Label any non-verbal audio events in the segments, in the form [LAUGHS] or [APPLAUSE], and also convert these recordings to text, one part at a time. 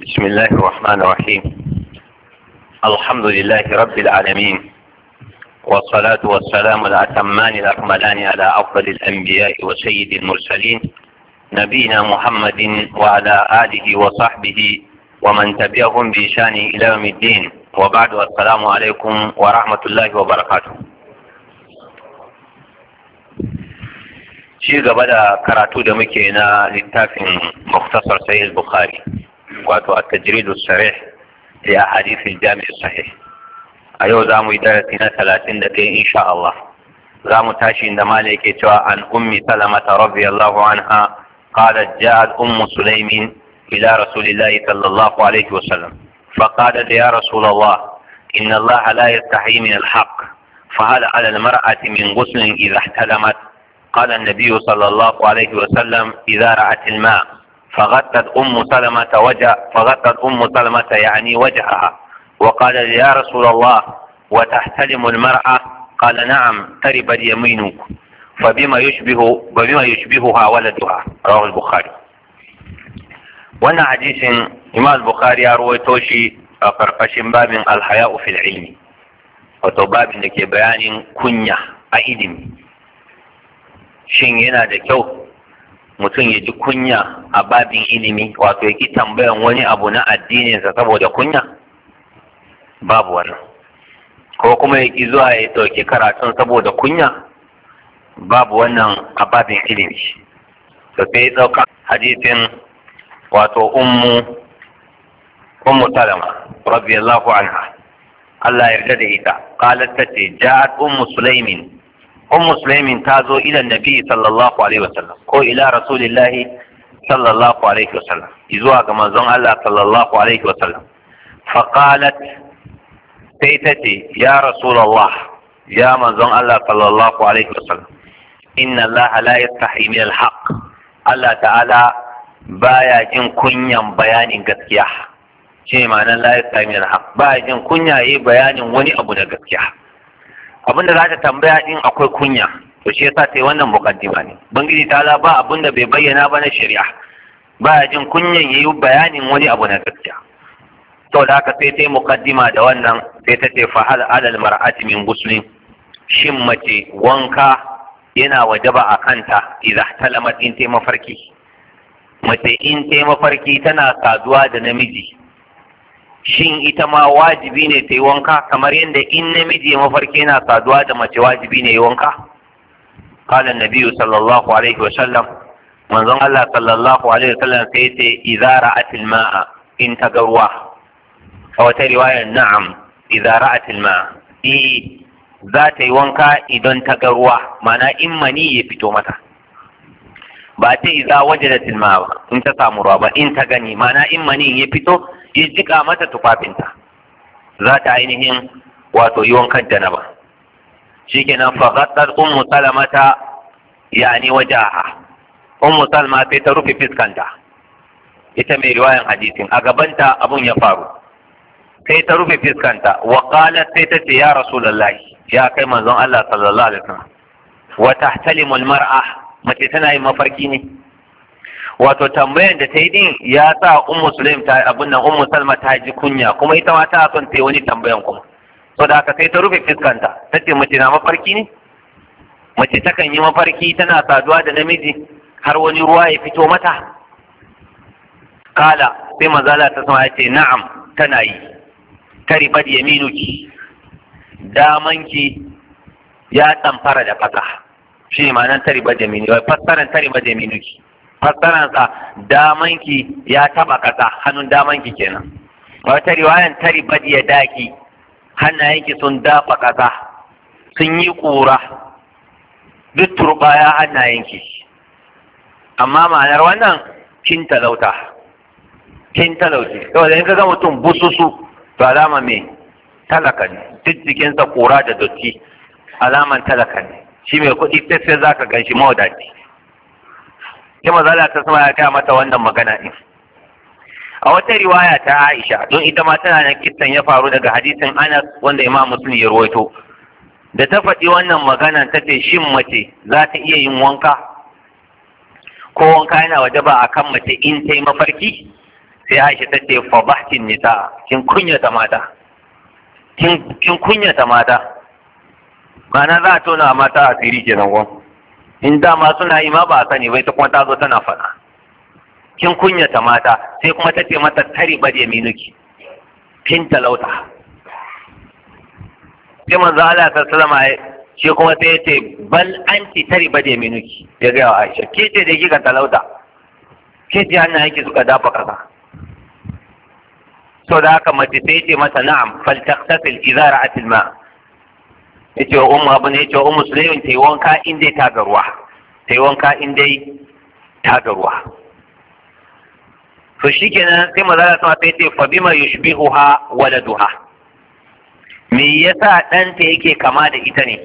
بسم الله الرحمن الرحيم الحمد لله رب العالمين والصلاة والسلام الأتمان الأكملان على أفضل الأنبياء وسيد المرسلين نبينا محمد وعلى آله وصحبه ومن تبعهم بإشان إلى يوم الدين وبعد السلام عليكم ورحمة الله وبركاته شيء قبل كراتو دمكينا da مختصر سيد البخاري واتو التجريد الصريح لأحاديث الجامع الصحيح أيو زامو إدارة ثلاثين دقيقة إن شاء الله زامو تاشي عندما لكيتوا عن أم سلمة رضي الله عنها قالت جاءت أم سليم إلى رسول الله صلى الله عليه وسلم فقالت يا رسول الله إن الله لا يستحي من الحق فهل على المرأة من غسل إذا احتلمت قال النبي صلى الله عليه وسلم إذا رأت الماء فغطت أم سلمة وجه فغطت أم سلمة يعني وجهها وقال يا رسول الله وتحتلم المرأة قال نعم ترب اليمين فبما يشبه فبما يشبهها ولدها رواه البخاري وانا حديث إمام البخاري أروي توشي أقرقشن باب الحياء في العلم وتباب لك بيان كنية أئدم شين yana da mutum ya ji kunya a babin ilimi wato ya ki tambayan wani abu na addininsa saboda kunya babu wannan ko kuma ya ki zuwa ya ɗauki karatun saboda kunya babu wannan a babin ilimi to sai ya ɗauka hadisin wato ummu ummu rabbi radiyallahu anha Allah yarda da ita qalat tace ja'at ummu sulaimin um muslimin ta zo ila nabi sallallahu alaihi wasallam ko ila rasulillahi sallallahu alaihi wasallam zuwa ga manzon Allah sallallahu alaihi wasallam fa qalat sai ta ce ya rasulullah ya manzon Allah sallallahu alaihi wasallam inna Allah la yastahi min alhaq Allah ta'ala baya jin kunyan bayanin gaskiya shi ma'anar la yastahi min alhaq baya jin kunya yi bayanin wani abu na gaskiya abinda za ta tambaya in akwai kunya to shi yasa sai wannan muqaddima ne bangiji ta ba abin da bai bayyana ba na shari'a Ba ya jin kunyan yayi bayanin wani abu na gaskiya to da haka sai tai mukaddima da wannan sai ta ce fa hal alal mar'ati min shin mace wanka yana wajaba a kanta idza talamat in tai mafarki mace in mafarki tana saduwa da namiji shin ita ma wajibi ne ta yi wanka kamar yadda in namiji ya mafarki yana saduwa da mace wajibi ne ya wanka قال النبي صلى الله عليه وسلم من ظن الله صلى الله عليه وسلم سيتي إذا رأت الماء إن تقرواه أو رواية نعم إذا رأت الماء إي ذات يوانكا إذن تقرواه معنى إمني يفتو متى باتي إذا وجدت الماء إن تسامروا إن تغني معنى إمني يفتو ya jika mata tufafinta za ta ainihin wato yiwon yi wankan janaba shikenan fa ghassat ummu salamata yani wajaha ummu salma sai ta rufe fiskanta ita mai riwayan hadisin a gabanta abun ya faru sai ta rufe fiskanta wa qalat sai ta ce ya rasulullahi ya kai manzon Allah sallallahu alaihi wasallam wa tahtalimul mar'a mace tana yin mafarki ne wato tambayar da ta yi din ya sa ummu sulaim ta abin nan ummu salma ta ji kunya kuma ita ma ta son ta yi wani tambayan kuma so da aka sai ta rufe fiskanta, ta ce mace na mafarki ne mace takan yi mafarki tana saduwa da namiji har wani ruwa ya fito mata kala sai mazala ta sama ya ce na'am tana yi kari badi yaminuki damanki ya tsamfara da fasa shi ne ma'anar tari badi yaminuki fassarar tari badi yaminuki Fassararsa damanki ya taba kasa hannun damanki kenan wata riwayan tari badi ya daki hannayenki sun dafa kasa sun yi kura duk turbaya hannayenki amma ma'anar wannan kin talauta kin talauci saboda in ka ga mutum bususu to alama me talaka ne duk jikinsa kura da dotti alaman talaka ne shi mai kuɗi sai za ka gan shi mawadaci sai za ta sama ya kai mata wannan magana din a wata riwaya ta Aisha don ita ma tana nan kistan ya faru daga hadisin Anas wanda Imam Muslim ya rawaito da ta faɗi wannan magana ta ce shin mace za ta iya yin wanka ko wanka yana waje ba a kan mace in ta yi mafarki sai Aisha ta ce fa bahtin nisa kin kunyata mata kin kunyata mata ma'ana za a tona mata a asiri kenan gwan in dama suna yi ma ba a sani bai ta kuma ta zo tana faɗa kin kunyata mata sai kuma ta ce mata tari bade minuki kin talauta sai manzo Allah ta ya ce kuma sai ya ce bal anti tari bade minuki ya ga Aisha ke ce da kika talauta ke ce hannayen ki suka dafa kaza so da haka mace sai ce mata na'am fal taqtasil idza ra'at al-ma' yace wa ummu abin yace wa ummu sulaimin tayi wanka in dai ta ga ruwa tayi wanka in dai ta ga ruwa to kenan sai maza ta ta yace fa bima yushbihuha waladuha me yasa ɗanta yake kama da ita ne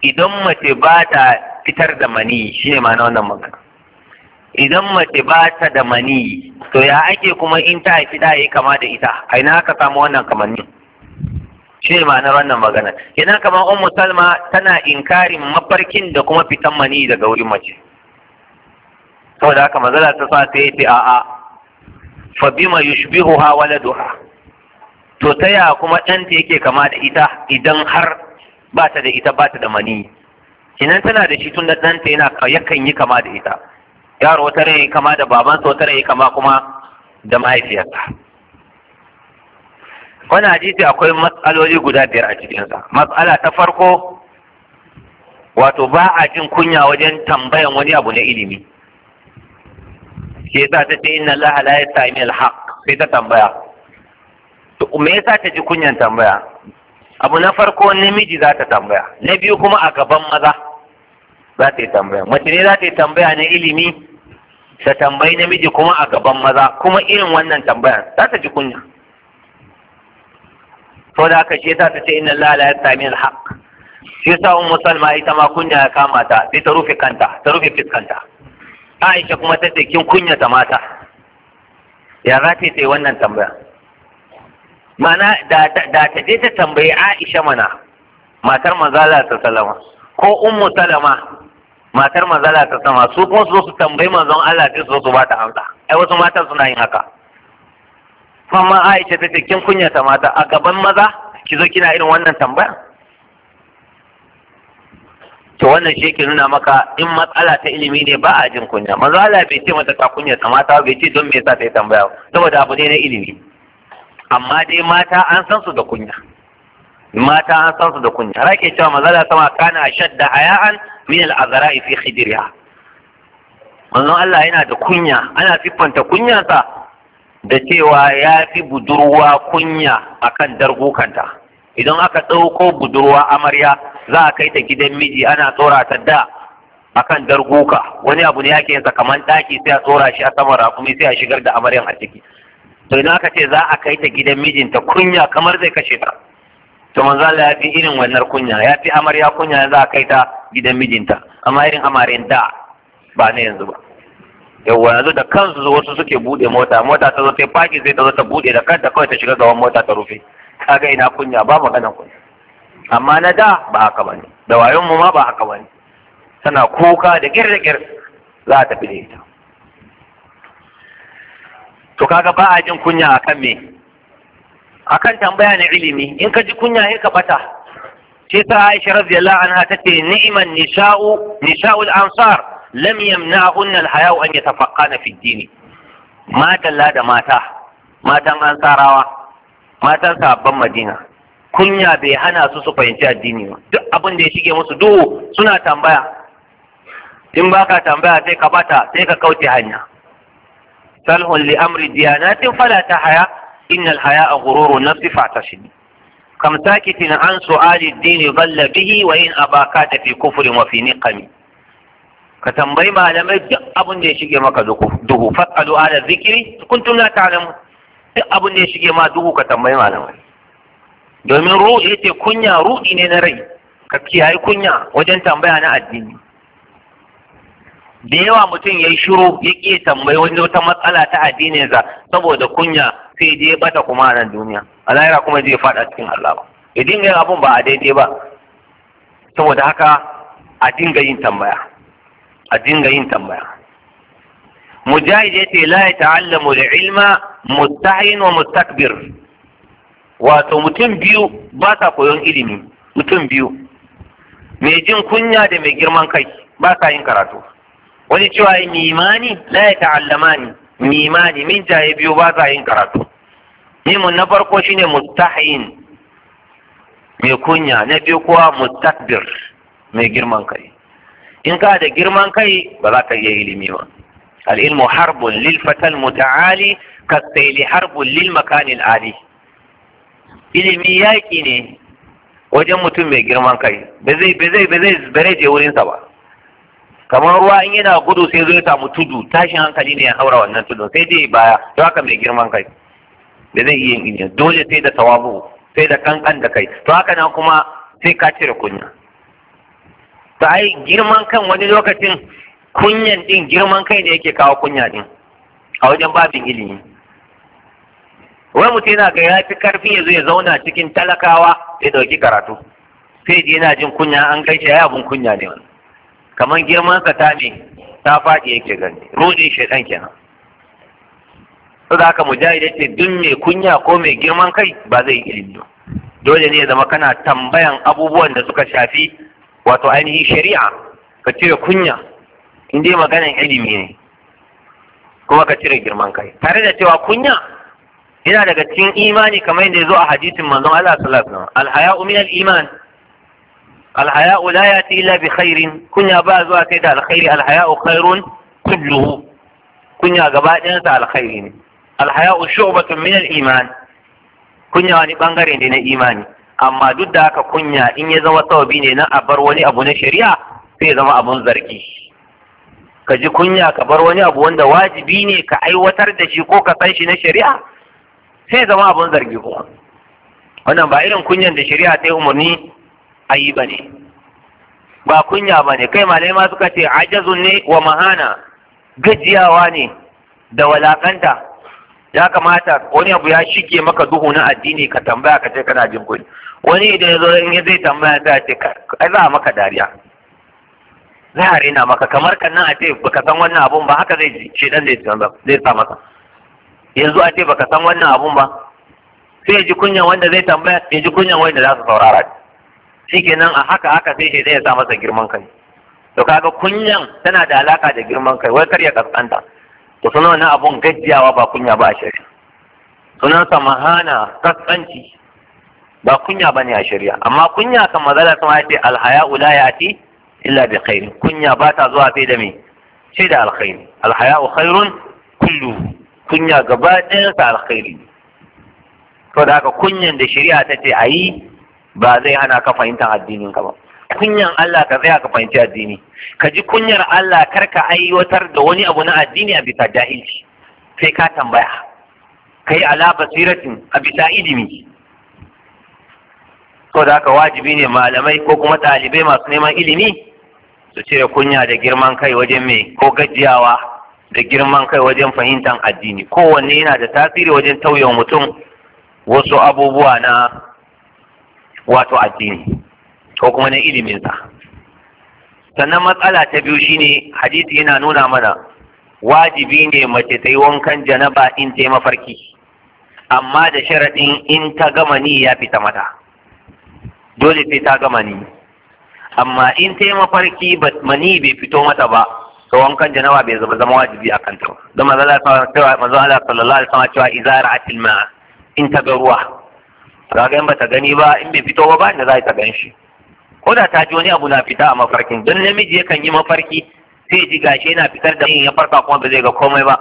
idan mace ba ta fitar da mani shine ma'ana wannan magana idan mace ba ta da mani to ya ake kuma in ta haifi da ya kama da ita a ina aka samu wannan kamanni shi ne ma'anar wannan magana idan kamar ummu salma tana inkarin mafarkin da kuma fitan mani daga wurin mace saboda haka mazala ta sa ta yi a'a fa bima yushbihuha waladuha to ta ya kuma ɗanta yake kama da ita idan har ba ta da ita ba ta da mani kinan tana da shi tun da ɗanta yana yakan yi kama da ita yaro wata rai kama da babansa wata rai kama kuma da mahaifiyarsa wani hadisi akwai matsaloli guda biyar a cikinsa matsala ta farko wato ba a jin kunya wajen tambayan wani abu na ilimi ke sa ta ce inna Allah la yasta'imi al-haq sai ta tambaya to me yasa ta ji kunyan tambaya abu na farko namiji za ta tambaya na biyu kuma a gaban maza za ta yi tambaya mace ne za ta yi tambaya na ilimi ta tambayi namiji kuma a gaban maza kuma irin wannan tambayan za ta ji kunya to da aka shi ta ce inna Allah ya sami alhaq haqq shi sa ummu salma ita ma kunya ya kama ta sai ta rufe kanta ta rufe fiskanta Aisha kuma ta ce kin kunya ta mata ya za ta yi wannan tambaya mana da ta je ta tambayi Aisha mana matar manzala ta salama ko un musalama, matar manzala ta salama su kuma su zo su tambayi manzon Allah sai su zo su ba ta amsa ai wasu matan suna yin haka fama Aisha ta ce kin ta mata a gaban maza ki zo kina irin wannan tambaya to wannan shi ke nuna maka in matsala ta ilimi ne ba a jin kunya Maza Allah bai ce mata ka ta mata bai ce don me yasa ta yi tambaya saboda abu ne na ilimi amma dai mata an san su da kunya mata an san su da kunya rake cewa maza Allah sama kana shadda haya'an min al-azra'i fi khidriha Allah yana da kunya ana siffanta kunyarsa da cewa ya fi budurwa kunya akan dargukanta idan aka ɗauko budurwa amarya za a kai ta gidan miji ana tsora ta da akan darguka wani abu ne ake yansa kamar ɗaki sai a tsora shi a saman rakumi sai a shigar da amaryan a ciki to idan aka ce za a kai ta gidan mijinta kunya kamar zai kashe ta to manzo Allah ya fi irin wannan kunya ya fi amarya kunya za a kai ta gidan mijinta amma irin amaren da ba na yanzu ba yawwa yanzu da kansu wasu suke bude mota mota ta zo ta faki zai ta zo ta bude da kanta kawai ta shiga gaban mota ta rufe kaga ina kunya ba magana kunya amma na da ba haka bane da wayon mu ma ba haka bane tana kuka da girgir za ta fi da ita to kaga ba a jin kunya akan me akan tambaya na ilimi in ka ji kunya sai ka bata ce ta Aisha radiyallahu anha tace ni'man nisha'u nisa'ul ansar lam na al-haya'u an yatafaqqana fi ad matan la da mata matan ansarawa matan sabban madina kunya bai hana su su fahimci addini ba duk abin da ya shige musu duhu suna tambaya in baka tambaya sai ka bata sai ka kauce hanya salhun li amri diyanatin fala ta haya innal haya a gururu na sifa ta shi kam sakitin an su'ali dini balla bihi wa abaka ta fi kufurin wa fi niqami ka tambayi malamai duk abin da ya shige maka duhu fasalu ala zikiri kuntum la ta'lamu duk abin da ya shige ma duhu ka tambayi malamai domin ru yace kunya ruɗi ne na rai ka kiyaye kunya wajen tambaya na addini da yawa mutum ya yi shiru ya ƙi tambayi wani wata matsala ta za, saboda kunya sai dai bata kuma a nan duniya a lahira kuma zai faɗa cikin Allah ba ya dinga yin abun ba a daidai ba saboda haka a dinga yin tambaya a dinga yin tambaya mujahid ya ce la ya ta'allamu da ilma mustahin wa mustakbir wato mutum biyu ba sa koyon ilimi mutum biyu mai jin kunya da mai girman kai ba sa yin karatu wani cewa yi mimani la ya ta'allama ni mimani min jaye biyu ba sa yin karatu mimun na farko shine mustahin mai kunya na biyu kuwa mustakbir mai girman kai in ka da girman kai ba za ka iya ilimi ba al'ilmu harbun lil fatal muta'ali ka tsaili harbun lil makanin ali ilimi yaƙi ne wajen mutum mai girman kai ba zai wurinsa ba kamar ruwa in yana gudu sai zai samu tudu tashin hankali ne ya haura wannan tudu sai dai baya to haka mai girman kai ba zai iya ilimi dole sai da tawabu sai da kankan da kai to haka nan kuma sai ka cire kunya to ai girman kan wani lokacin kunyan din girman kai ne yake kawo kunya din a wajen babin ilimi wai mutum yana ga ya fi karfi ya zo ya zauna cikin talakawa ya dauki karatu sai da yana jin kunya an gaishe ya abun kunya ne wani kamar girman sa ta ne ta faɗi yake gani rudin shaidan kenan su da haka mujahid ce duk mai kunya ko mai girman kai ba zai yi ilimi dole ne ya zama kana tambayan abubuwan da suka shafi wato ainihin shari'a ka cire kunya in dai maganan ilimi ne kuma ka cire girman kai tare da cewa kunya yana daga cikin imani kamar yadda ya zo a hadisin manzon Allah sallallahu alaihi wasallam alhaya'u min al-iman alhaya'u la yati illa bi khairin kunya ba zuwa sai da alkhairi alhaya'u khairun kulluhu kunya gaba ɗayan sa alkhairi ne alhaya'u shu'batun min al-iman kunya wani bangare ne na imani amma duk da haka kunya in ya zama sababi ne na a bar wani abu na shari'a sai zama abun zargi ka ji kunya ka bar wani abu wanda wajibi ne ka aiwatar da shi ko ka san shi na shari'a sai zama abun zargi ko wannan ba irin kunyan da shari'a ta yi umarni a yi ba ne ba kunya ba ne kai malai ma suka ce ajazun ne wa mahana gajiyawa ne da walakanta ya kamata wani abu ya shige maka duhu na addini ka tambaya ka ce kana jin kunya wani idan ya zo in ya zai tambaya za a ce ai za a maka dariya za a rena maka kamar kan nan a ce baka san wannan abun ba haka zai ji shedan zai zai sa masa yanzu a ce baka san wannan abun ba sai ya ji kunyan wanda zai tambaya ya ji kunyan wanda za su saurara kenan a haka haka sai shi ya sa masa girman kai to kaga kunyan tana da alaka da girman kai wai kar ya kaskanta to sunan wannan abun gajiyawa ba kunya ba a shari'a sunansa mahana kaskanci ba kunya ne a shari'a amma kunya kan mazala sun ce ula ya ya'ti illa bi khair kunya ba ta zuwa sai da me sai da alhaya u khairun kullu kunya gaba ɗayan sa alkhairi to da haka kunyan da shari'a ta ce ayi ba zai hana ka fahimtar addinin ka ba kunyan Allah ka tsaya ka fahimci addini ka ji kunyar Allah kar ka aiwatar da wani abu na addini a bisa jahilci sai ka tambaya kai ala basiratin a bisa ilimi ko da haka wajibi ne malamai ko kuma ɗalibai masu neman ilimi su cire kunya da girman kai wajen mai ko gajiyawa da girman kai wajen fahimtar addini kowanne yana da tasiri wajen tauye mutum wasu abubuwa na wato addini ko kuma na iliminsa sannan matsala ta biyu shine hadisi yana nuna mana wajibi ne mace ta yi wankan janaba in ta mafarki amma da sharaɗin in ta gama ni ya fita mata dole sai ta gama ni amma in ta yi mafarki mani bai fito mata ba to wankan janawa bai zama zama wajibi a kanta don manzo Allah sallallahu alaihi wasallam cewa idza ra'atil ma'a in ta ga ruwa ga ba ta gani ba in bai fito ba ba ne za ta gan shi ko da ta ji wani abu na fita a mafarkin don namiji yakan yi mafarki sai ji gashi yana fitar da yin ya farka kuma ba zai ga komai ba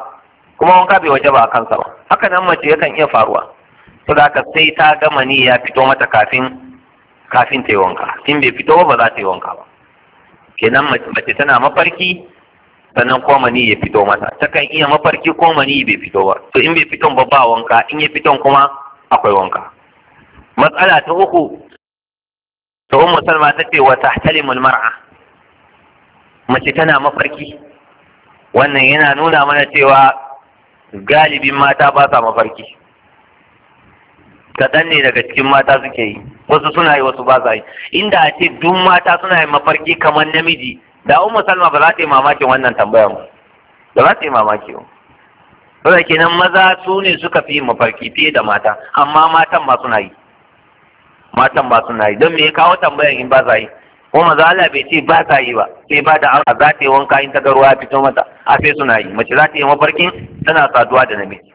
kuma wanka bai waje ba a kansa ba haka nan mace yakan iya faruwa to da haka sai ta gama ni ya fito mata kafin kafin ta yi wanka in bai fito ba za ta yi wanka ba kenan mace tana mafarki sannan ko mani ya fito mata Ta kan iya mafarki ko mani bai fito ba to in bai fito ba ba wanka in ya fiton kuma akwai wanka matsala ta uku ta umma salma ta ce wa tahtalimul mar'a mace tana mafarki wannan yana nuna mana cewa galibin mata ba sa mafarki kaɗan ne daga cikin mata suke yi wasu suna yi wasu ba sa yi inda a ce duk mata suna yin mafarki kamar namiji da ummu salma ba za ta yi mamakin wannan mu ba za ta yi mamaki ba saboda kenan maza su ne suka fi mafarki fiye da mata amma matan ba suna yi matan ba suna yi don me ya kawo tambayan in ba sa yi ko maza Allah bai ce ba sa yi ba sai ba da an za ta yi wanka in ta ga ruwa fito mata a sai suna yi mace za ta yi mafarkin tana saduwa da namiji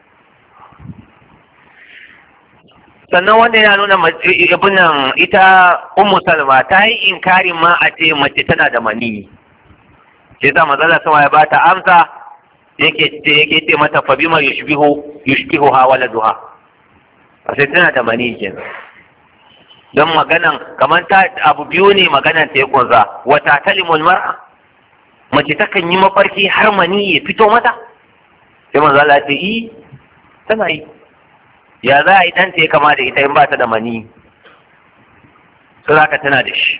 sannan wanda yana nuna ibinan eh, eh, ita ummu salma ta yi inkarin ma a ce mace tana da mani Ke sa manzala sama ya bata amsa yake ce yake ce mata fa bima yushbihu yushbihu ha A sai tana da mani ke don maganan kamar ta abu biyu ne maganan ta ya kunza wata talimul mar'a mace takan yi mafarki har mani ya fito mata sai mazala ta ce yi tana yi ya za a yi ɗanta ya kama da ita in ba ta da mani su za ka tana da shi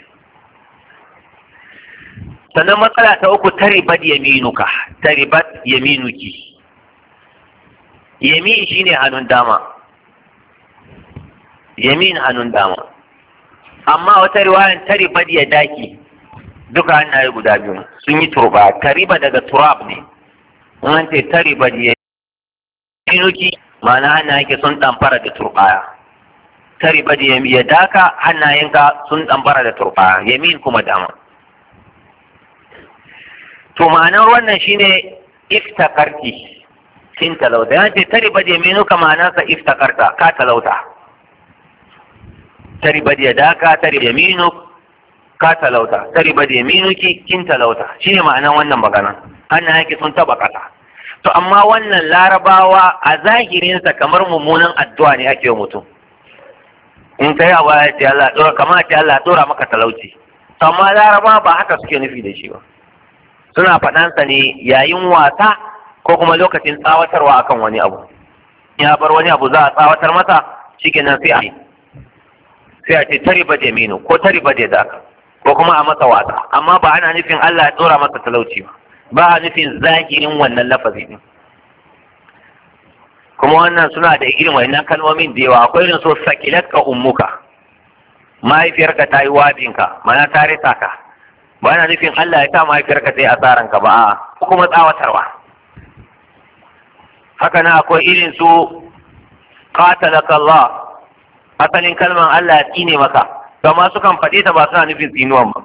sannan matsala ta uku taribat yaminuka taribat yaminuki yamin ne hannun dama yamin hannun dama amma wata riwayan taribat ya daki duka yi guda biyu sun yi turba tariba daga turab ne wanda taribat yaminuki ma'ana hannayenka sun fara da turɓaya kari ba da ya daka hannayenka sun fara da turɓaya yamin kuma dama to ma'anar wannan shine iftakarti kin talauta ya ce tari ba da yaminuka ma'anarsa iftakarta ka talauta tari ba da daka tari da yaminu ka talauta tari ba da ki kin talauta shine ma'anar wannan magana hannayenki sun taɓa ƙasa to amma wannan larabawa a zahirinsa kamar mummunan addu'a ne ake wa mutum in kai abu ya ce Allah dora kamar ce Allah dora maka talauci amma larabawa ba haka suke nufi da shi ba suna faɗansa ne yayin wasa ko kuma lokacin tsawatarwa akan wani abu ya bar wani abu za a tsawatar masa shikenan sai a sai a ce tariba jaminu ko ba da ko kuma a masa wasa amma ba ana nufin Allah ya dora masa talauci ba ba a nufin zahirin wannan lafazi ne kuma wannan suna da irin wannan kalmomin da yawa akwai irin so sakilat ka ummuka mahaifiyarka ta yi wabinka mana ta rita ka ba yana nufin Allah ya sa mahaifiyarka ta yi asaran ka ba a kuma tsawatarwa haka na akwai irin su qatalaka Allah asalin kalman Allah ya tsine maka kama sukan faɗi ta ba suna nufin tsinuwan ba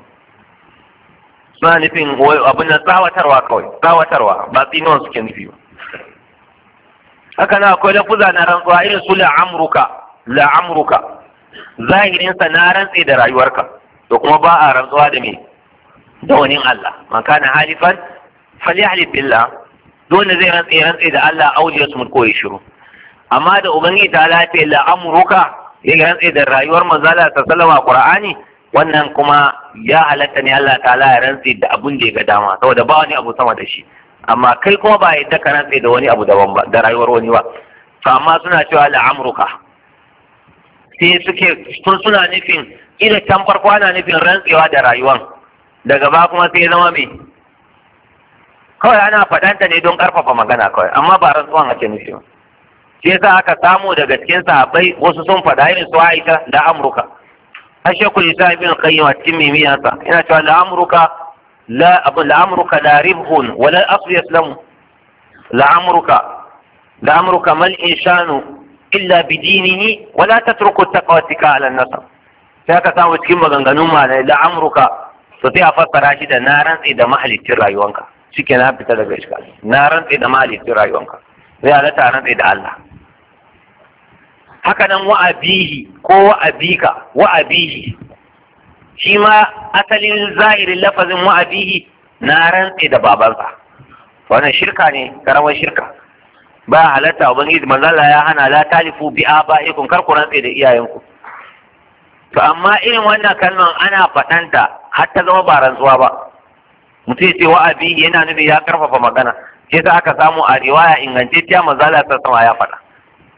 suna nufin abin nan tsawatarwa kawai tsawatarwa ba tsinuwan suke nufi ba haka na akwai lafuza na rantsuwa irin su la'amruka la'amruka zahirinsa na rantsi da rayuwarka to kuma ba a rantsuwa da me da wani Allah man kana halifan falyahlif billah dole zai rantsi rantsi da Allah auliya su ko ya shiru amma da ubangiji ta lafiya la'amruka ya rantsi da rayuwar manzala ta a qur'ani wannan kuma ya halatta ne Allah ta'ala ya rantse da abun da ya ga dama saboda ba wani abu sama da shi amma kai kuma ba yadda ka rantse da wani abu daban ba da rayuwar wani ba to amma suna cewa la'amruka sai suke sun suna nufin ila can farko ana nufin rantsewa da rayuwan daga ba kuma sai zama mai. kawai ana faɗanta ne don ƙarfafa magana kawai amma ba rantsuwan ake nufi ba shi yasa aka samu daga cikin sahabbai wasu sun faɗa irin su Aisha da Amurka ashekul isa ibn qayyim a cikin mimiyarsa yana cewa la'amruka la abu la'amruka la ribhun wa la aslu yaslamu la'amruka la'amruka mal insanu illa bi dinihi wa la tatruku taqwa ala an-nasab sai ka samu cikin maganganun malai la'amruka to a fassara shi da na rantsi da mahalicin rayuwanka shike na fita daga iska na rantsi da mahalicin da Allah haka nan wa ko wa abika wa abihi shi ma asalin zahirin lafazin wa na rantse da babansa wannan shirka ne karamar shirka ba halatta ubangiji manzala ya hana la talifu bi abaikum kar karku rantse da iyayenku to amma irin wannan kalman ana faɗanta har ta zama ba rantsuwa ba mutum ya ce wa yana nufin ya karfafa magana sai aka samu a riwaya ingantacciya manzala ta sama ya faɗa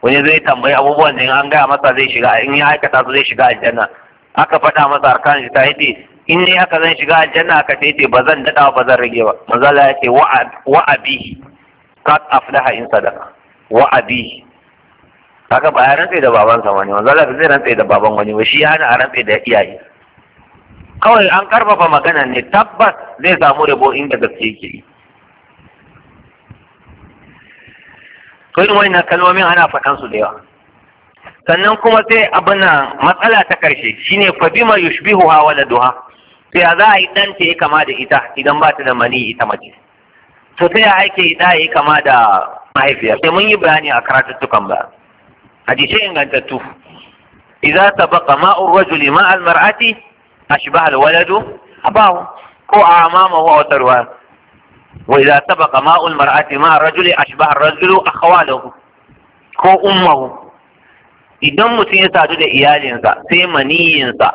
wani zai tambayi abubuwan da an gaya masa zai shiga in ya aikata su zai shiga aljanna aka faɗa masa arkan shi ta yace in ne aka zan shiga aljanna aka ta yace ba zan daɗa ba zan rage ba manzala ya ce wa abi kat aflaha in sadaka wa abi kaga ba ya rantse da babansa wani manzala zai rantse da baban wani ba shi ya hana a rantse da iyaye kawai an karfafa magana ne tabbas zai samu rabo inda gaske yake yi to wani na kalmomin ana faɗan su da yawa sannan kuma sai abin matsala ta karshe shine fa bima wala duha to ya za a yi ɗan ta yi kama da ita idan ba ta da mani ita mace to sai ya ake ɗa yi kama da mahaifiyar sai mun yi bayani a karatuttukan ba hadisai ingantattu idza sabaqa ma'ur rajuli ma'al mar'ati ashbaha al-waladu abahu ko amamahu wa tarwa wa kama sabaqa ma'ul mar'ati ma rajuli ashbaha ar-rajulu akhwalahu ko ummahu idan mutum ya sadu da iyalinsa sai maniyinsa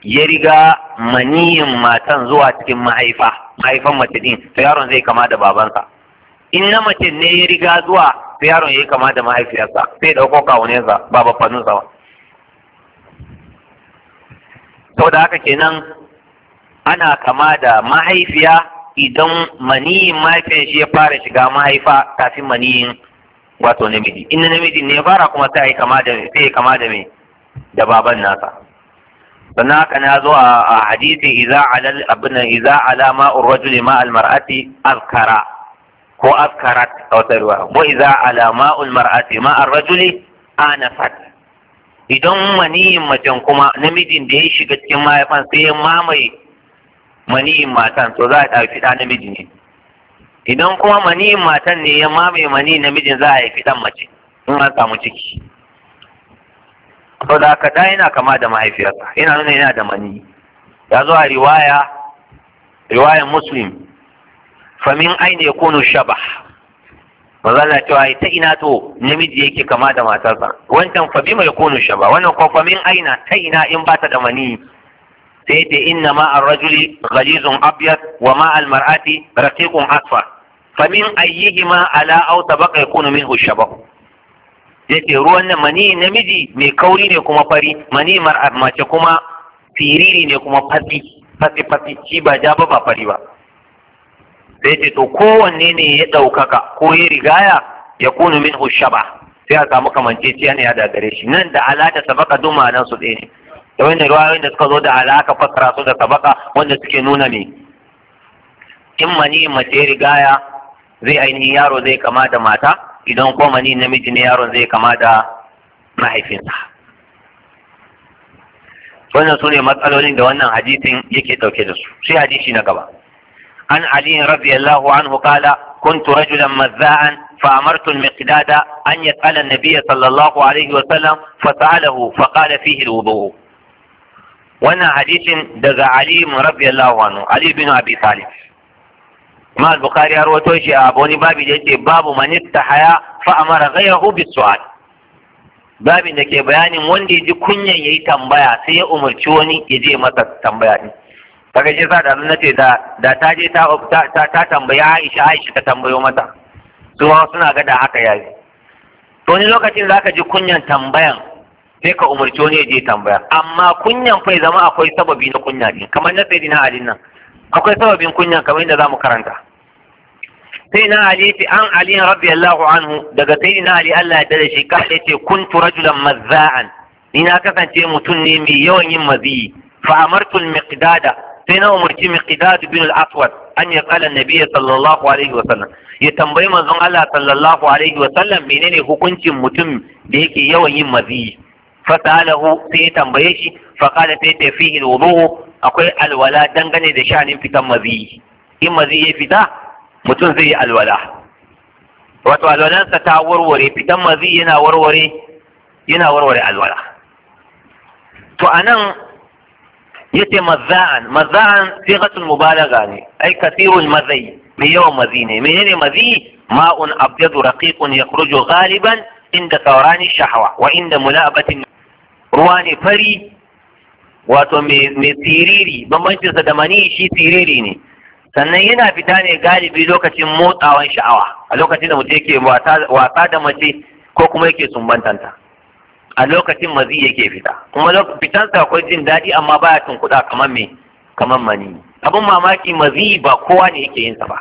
ya riga maniyin matan zuwa cikin mahaifa mahaifan mace din to yaron zai kama da babansa in na mace ne ya riga zuwa to yaron yayi kama da mahaifiyarsa sai dauko kawunensa ba babbanunsa ba saboda haka kenan ana kama da mahaifiya idan maniyin mahaifin shi ya fara shiga mahaifa kafin maniyin wato namiji in namiji ne ya fara kuma sai ya kama da sai ya kama da me da baban nasa sannan haka na zo a hadisi iza alal abin iza ala ma ar ma al azkara ko azkarat a wata ruwa ko iza ala ma al ma ar-rajuli anafat idan maniyin macen kuma namijin da ya shiga cikin mahaifan sai ya mamaye maniyin matan to za a ɗauki ɗa namiji ne idan kuma maniyin matan ne ya mamaye maniyin namijin za a haifi ɗan mace in an samu ciki to da haka ɗa yana kama da mahaifiyarsa yana nuna yana da mani ya zo a riwaya riwayan muslim famin ai ya kunu shaba Maza na cewa ta ina to namiji yake kama da matarsa wancan fabi mai kunu shaba wannan kuma famin aina ta ina in ba ta da mani sai ce inna ma ar-rajuli ghalizun abyad wa ma al-mar'ati raqiqun asfar famin ayyihima ala aw tabaqa yakunu minhu shabab yace ruwan nan mani namiji mai kauri ne kuma fari mani mar'at mace kuma firiri ne kuma fati fati fati shi ba ja ba ba fari ba sai ce to kowanne ne ya ɗaukaka ko ya rigaya ya kunu minhu shaba sai a samu kamanceciya ne ya gare shi nan da ala ta sabaka duma nan su ɗaya da wanda ruwayoyin da suka zo da alaka fasara su da sabaka wanda suke nuna ne in mani mace rigaya zai ainihin yaro zai kama da mata idan ko mani namiji ne yaron zai kama da mahaifinsa wannan su ne matsalolin da wannan hadisin yake dauke da su sai hadisi na gaba an ali radiyallahu anhu qala kuntu rajulan mazza'an فأمرت المقداد أن يسأل النبي صلى الله عليه وسلم فسأله فقال فيه الوضوء wannan hadisin daga Ali ibn Allah anhu Ali ibn Abi Talib ma al-Bukhari ya rawato shi a wani babi da yake babu man haya fa amara ghayahu bis-su'al babin da ke bayanin wanda ji kunyan yayi tambaya sai ya umarci wani ya je masa tambaya din kaga shi sa da nace da da ta je ta ta ta tambaya Aisha Aisha ta tambayo mata su suna ga da haka yayi to ni lokacin zaka ji kunyan tambayan sai ka umarci wani ya je tambaya amma kunyan fai zama akwai sababi na kunya ne kamar na sayyidina ali nan akwai sababin kunya kamar yadda zamu karanta sai na ali ce an ali radiyallahu anhu daga sayyidina ali Allah ya dade shi ka ce kuntu rajulan mazza'an ni na kasance mutum ne mai yawan yin maziyi fa amartu al-miqdada sai na umarci miqdad bin al-aswad an ya kala nabi sallallahu alaihi wa sallam ya tambayi manzon Allah sallallahu alaihi wa sallam menene hukuncin mutum da yake yawan yin maziyi fasalahu sai ya tambaye shi faqala sai ta fihi alwudu akwai alwala dangane da shanin fitan mazi in mazi ya fita mutum zai yi alwala wato alwalansa ta warware fitan mazi yana warware yana warware alwala to anan yace mazza'an mazza'an sigatul mubalaga ne ai kathirul mazai mai yawan mazi ne menene mazi ma'un abyadu raqiqun yakhruju ghaliban inda saurani shahwa wa inda mula'abatin ruwa ne fari wato mai siriri bambancinsa da mani shi siriri ne sannan yana fita ne galibi lokacin motsawan sha'awa a lokacin da mutum yake wasa da mace ko kuma yake sumbantanta a lokacin mazi yake fita kuma fitansa akwai jin daɗi amma baya tunkuɗa kamar me kamar mani abin mamaki mazi ba kowa ne yake yin sa ba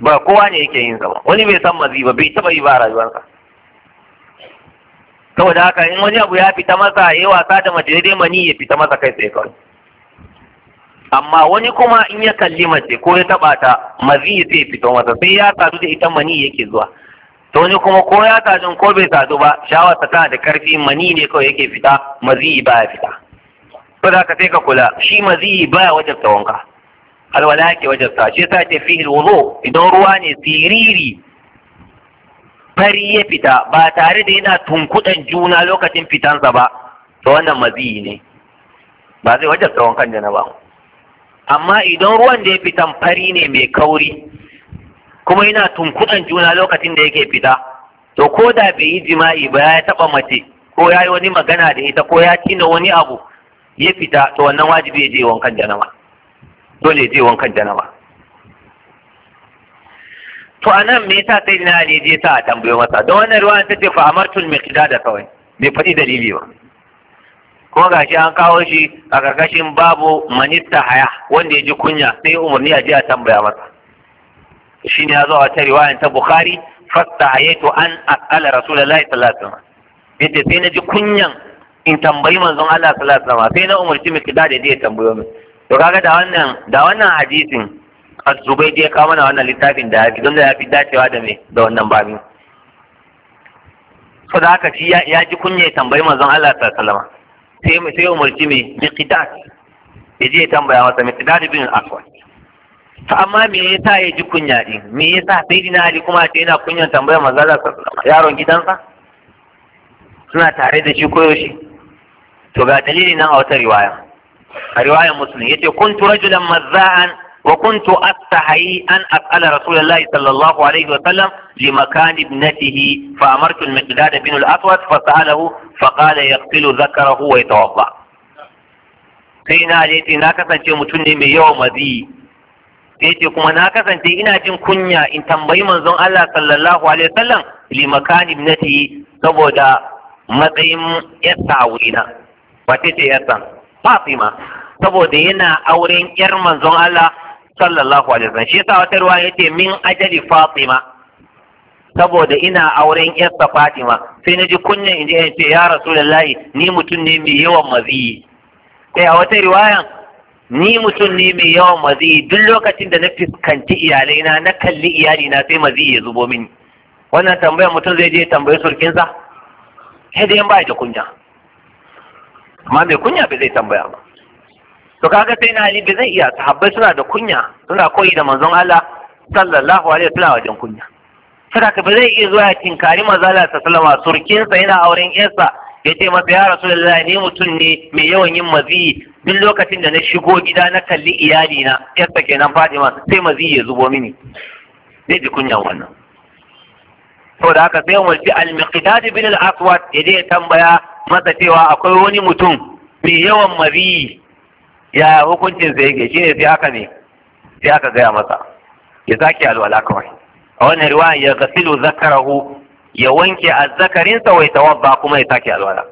ba kowa ne yake yin sa ba wani bai san mazi ba bai taɓa yi ba rayuwarsa saboda haka in wani abu ya fita masa ya wasa da mace dai mani ya fita masa kai tsaye kawai amma wani kuma in ya kalli mace ko ya taba ta mazi sai fito masa sai ya sadu da ita mani yake zuwa to wani kuma ko ya sadu ko bai sadu ba shawarsa tana da karfi mani ne kawai yake fita mazi ba ya fita ko da ka sai ka kula shi mazi ba ya wajabta wanka alwala yake wajabta shi sai ce fihi wudu idan ruwa ne siriri fari ya fita ba tare da yana tunkuɗan juna lokacin fitansa ba to wannan maziyi ne ba zai wajen tsawon kan jana ba amma idan ruwan da ya fitan fari ne mai kauri kuma yana tunkuɗan juna lokacin da yake fita to ko da bai yi jima'i ba ya taɓa mace ko ya yi wani magana da ita ko ya tina wani abu ya fita to wannan wajibi ya je wankan ba dole ya je wankan ba to a nan me yasa sai na ali je sa a tambayo masa don wannan ruwan ta ce fa amartul da kawai bai faɗi dalili ba ko gashi an kawo shi a karkashin babu manista haya wanda ya ji kunya sai umarni a je a tambaya masa ne ya zo a wata riwaya ta bukhari fastahaytu an as'ala rasulullahi sallallahu alaihi wasallam yace sai na ji kunyan in tambayi manzon Allah sallallahu alaihi wasallam sai na umarci miki da da ya tambayo min to kaga da wannan da wannan hadisin azubai zubaydi ya kawo mana wannan littafin da yafi don da yafi dacewa da me da wannan babu so da haka shi ya ji kunya ya tambayi manzon Allah sallallahu alaihi wasallam sai sai umarci me miqdad ya je ya tambaya masa qidat bin aswad to amma me yasa ya ji kunya din me yasa sayyidina ali kuma ce yana kunyan tambayar manzon Allah sallallahu alaihi wasallam yaron gidansa suna tare da shi koyaushe to ga dalili nan a wata riwaya a riwayar muslim yace kuntu rajulan mazza'an وكنت أستحي أن أسأل رسول الله صلى الله عليه وسلم لمكان ابنته فأمرت المقداد بن الأسود فسأله فقال يغسل ذكره ويتوضأ sai na je na kasance mutum ne mai yawan mazi ce kuma na kasance ina jin kunya in tambayi manzon Allah sallallahu alaihi wasallam li makani ibnati saboda matsayin yassa a wurina ba ce yassa Fatima saboda yana auren yar manzon Allah sallallahu alaihi wasallam shi yasa wata ruwa yace min ajali fatima saboda ina auren yarsa fatima sai na ji kunyan inji in ce ya rasulullahi ni mutum ne mai yawan maziyi kai a wata riwayan ni mutum ne mai yawan maziyi duk lokacin da na fuskanci iyalaina na kalli iyalina sai maziyi ya zubo mini wannan tambayar mutum zai je tambayi surkinsa sai dai ba ya da kunya amma mai kunya bai zai tambaya ba to kaga sai na ali bai zai iya sahabbai suna da kunya suna koyi da manzon Allah sallallahu alaihi wasallam wajen kunya saka ka ba zai iya zuwa cikin kari manzon Allah sallallahu alaihi surkinsa yana auren yarsa ya ce masa ya rasulullahi ni mutum ne mai yawan yin mazi duk lokacin da na shigo gida na kalli iyali na yarsa kenan Fatima sai mazi ya zubo mini zai ji kunyan wannan to da haka sai umarci al-miqdad bin al-aswad ya ya tambaya masa cewa akwai wani mutum mai yawan mazi ya hukuncin sa yake shine sai aka ne sai aka gaya masa ya sake alwala kawai a wannan ruwa ya gasilu zakarahu ya wanke a sa wai tawabba kuma ya sake alwala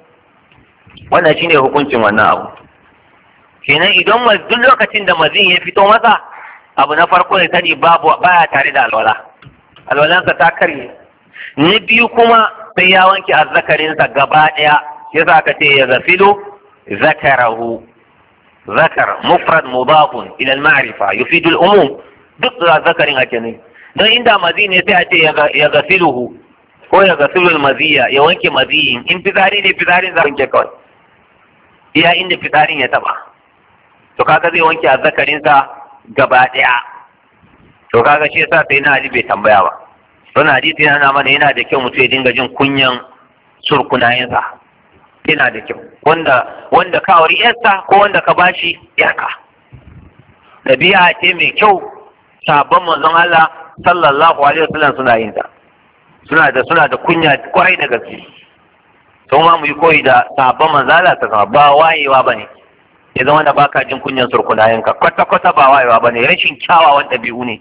wannan shine hukuncin wannan abu kenan idan duk lokacin da mazin ya fito masa abu na farko ya sani babu baya tare da alwala alwalansa ta karye na biyu kuma sai ya wanke azzakarinsa gaba daya yasa aka ce ya gasilu zakarahu zakar mufrad mudafun ila al-ma'rifa yufidu al-umum duk zakarin ake ne don inda mazi ne sai a ce ya gasiluhu ko ya gasilu maziya ya wanke maziyin in fitsari ne fitsarin za a wanke kawai iya inda fitsarin ya taba to kaga zai wanke a zakarinsa gaba daya to kaga shi yasa sai na ali bai tambaya ba don hadisi yana mana yana da kyau mutum ya dinga jin kunyan surkunayensa yana da kyau wanda wanda ka auri yasa ko wanda ka bashi yarka dabi'a ce mai kyau sabon manzon Allah sallallahu alaihi wasallam suna yin ta suna da suna da kunya kwai da gaske to ma mu yi koyi da sabon manzon Allah ta ba wayewa bane ya zama da baka jin kunyan yanka, kwata kwata ba wayewa bane rashin kyawawan ɗabi'u ne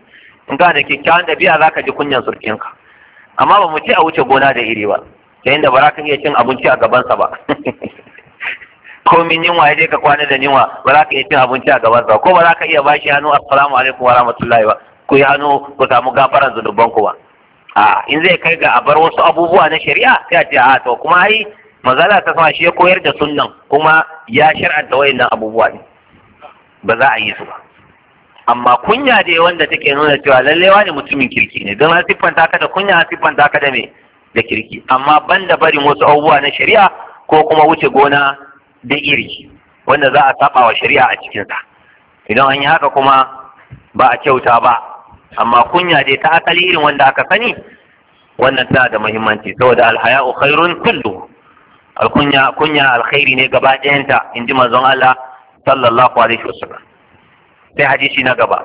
in ka da kyakkyawan ɗabi'a zaka ji kunyan surkinka amma ba mu ce a wuce gona da iri ba Yayin da ba za ka iya cin abinci a gabansa ba [LAUGHS] komin yunwa ya je ka kwana da yunwa ba za ka iya cin abinci a gabansa ko ba za ka iya bashi hannu assalamu alaikum wa rahmatullahi ba ku yi hannu ku samu gafaran zunuban ku ba a in zai kai ga a bar wasu abubuwa na shari'a sai a ce a to kuma ai mazala ta sama shi ya koyar da sunnan kuma ya shar'anta wayannan abubuwa ne ba za a yi su ba amma kunya dai wanda take nuna cewa lallai wani mutumin kirki ne don an siffanta ka da kunya an siffanta ka da me da kirki amma banda barin wasu abubuwa na shari'a ko kuma wuce gona da iri wanda za a saba wa shari'a a cikinsa idan an yi haka kuma ba a kyauta ba amma kunya dai ta asali irin wanda aka sani wannan tana da muhimmanci saboda alhaya'u khairun kullu alkunya kunya alkhairi ne gaba ɗayanta in ji manzon Allah sallallahu alaihi wasallam sai hadisi na gaba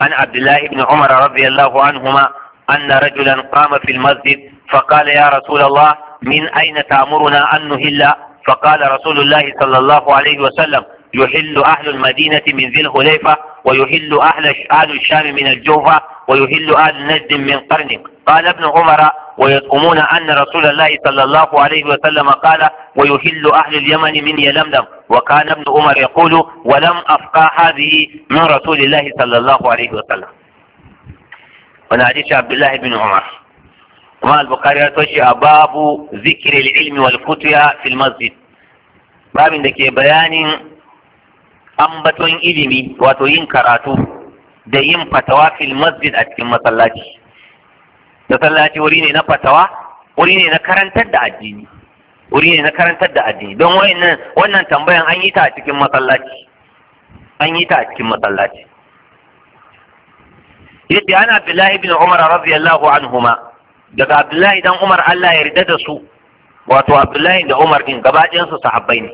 an abdullahi ibn umar radiyallahu anhuma anna rajulan qama fil masjid فقال يا رسول الله من أين تأمرنا أن نهل فقال رسول الله صلى الله عليه وسلم يحل أهل المدينة من ذي الخليفة ويحل أهل أهل الشام من الجوفة ويحل أهل نجد من قرن قال ابن عمر ويزعمون أن رسول الله صلى الله عليه وسلم قال ويحل أهل اليمن من يلملم وكان ابن عمر يقول ولم أفقى هذه من رسول الله صلى الله عليه وسلم ونعديش عبد الله بن عمر kuma albukari bukhari ya a babu zikirin ilmi wal kutuya fil masjid babin da ke bayanin ambaton ilimi wato yin karatu da yin fatawa fil masjid a cikin masallaci masallaci wuri ne na fatawa wuri ne na karantar da addini wuri ne na karantar da addini don wayannan wannan tambayan an yi ta a cikin masallaci an yi ta a cikin masallaci yadda ana billahi bin umar radiyallahu anhuma daga abdullahi dan umar Allah ya yarda da su wato abdullahi da umar din gaba ɗayan su sahabbai ne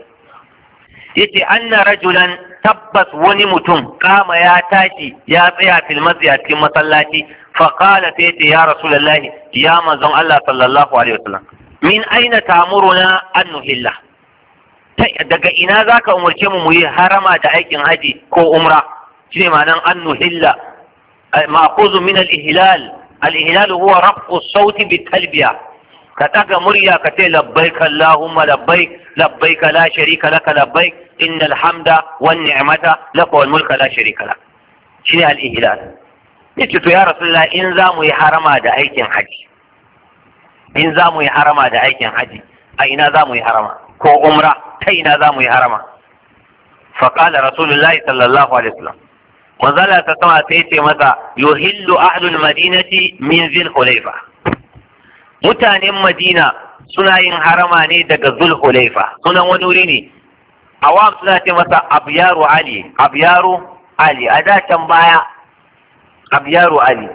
yace anna rajulan tabbas wani mutum kama ya tashi ya tsaya fil masjid cikin masallaci fa qala sai ya rasulullahi ya manzon Allah sallallahu alaihi wasallam min aina tamuruna an nuhilla daga ina zaka umarce mu muyi harama da aikin haji ko umra shine ma'anan an nuhilla ma'khuzun min al-ihlal al-ihlal huwa raf'u sauti bi talbiya ka ɗaga murya ka ce labbaik allahumma labbaik labbaik la sharika laka labbaik innal hamda wan ni'mata laka wal mulka la sharika lak shine al-ihlal yace to ya rasulullah in za mu yi harama da aikin haji a ina za mu harama ko umra ta ina za mu yi harama فقال رسول الله صلى الله عليه وسلم manzala ta sama sai ce masa yuhillu ahlul madinati min zil hulaifa mutanen madina suna yin harama ne daga zul hulaifa suna wani wuri ne awam suna ce masa abyaru ali abyaru ali a da can baya abyaru ali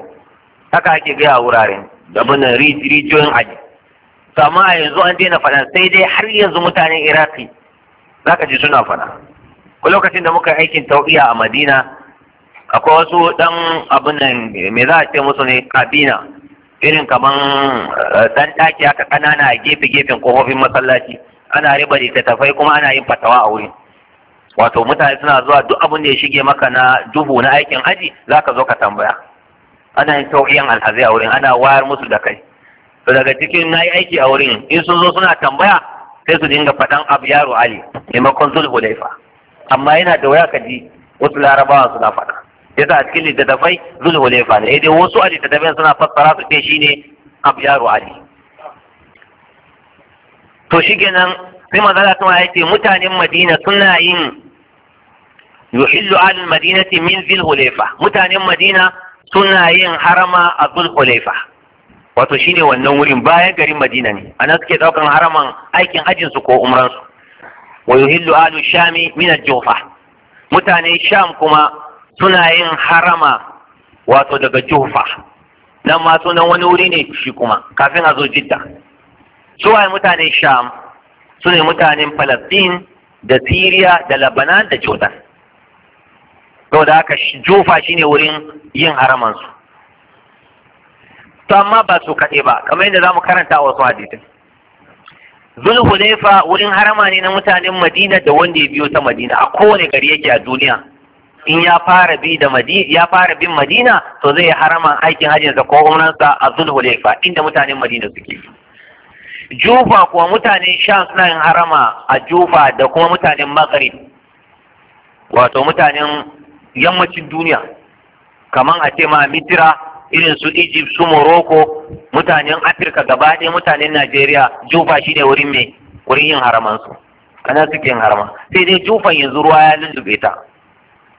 haka ake gaya wuraren da bana rijiyoyin ali sama a yanzu an daina faɗa sai dai har yanzu mutanen iraki zaka ji suna faɗa ko lokacin da muka aikin tauhiya a madina akwai wasu dan abin nan me za a ce musu ne kabina irin kaman dan eh, daki haka kanana a gefe gefen kofofin masallaci ana riba littattafai kuma ana yin fatawa a wurin wato mutane suna zuwa duk abin da ya shige maka na dubu na aikin aji za ka zo ka tambaya ana yin tauhiyan alhazai a wurin ana wayar musu da kai to daga cikin na yi aiki a wurin in sun zo suna tambaya sai su dinga faɗan abu yaro ali maimakon zulhu laifa amma yana da waya ka ji wasu larabawa suna faɗa yasa a cikin littattafai zulhulefa ne eh, dai wasu a littattafai suna fassara su ce shine abyaru ali to shikenan sai manzala mutanen madina suna yin yuhillu alil madinati min zulhulefa mutanen madina suna yin harama a zulhulefa wato shine wannan wurin bayan garin madina ne anan suke daukan haraman aikin ajinsu ko umransu wa yuhillu alu shami min al-jufa mutanen sham kuma suna yin harama wato daga jufa dan ma sunan wani wuri ne shi kuma kafin a zo jidda su waye mutanen sham su ne mutanen palestine da syria da labanan da jordan da haka jufa ne wurin yin haramansu to amma ba su kaɗe ba kamar yadda za mu karanta a wasu hadisin zulhulaifa wurin harama ne na mutanen madina da wanda ya biyo ta madina a kowane gari yake a duniya in ya fara bi da ya fara bin Madina to zai harama aikin sa ko sa a Zulhulaifa inda mutanen Madina suke Jufa kuwa mutanen Sham suna yin harama a Jufa da kuma mutanen Maghrib wato mutanen yammacin duniya kaman a ce ma mitira irin su Egypt su Morocco mutanen Afirka gaba ɗaya mutanen Najeriya Jufa shine wurin mai wurin yin haramansu kana suke yin harama sai dai jufan yanzu ruwa ya lullube ta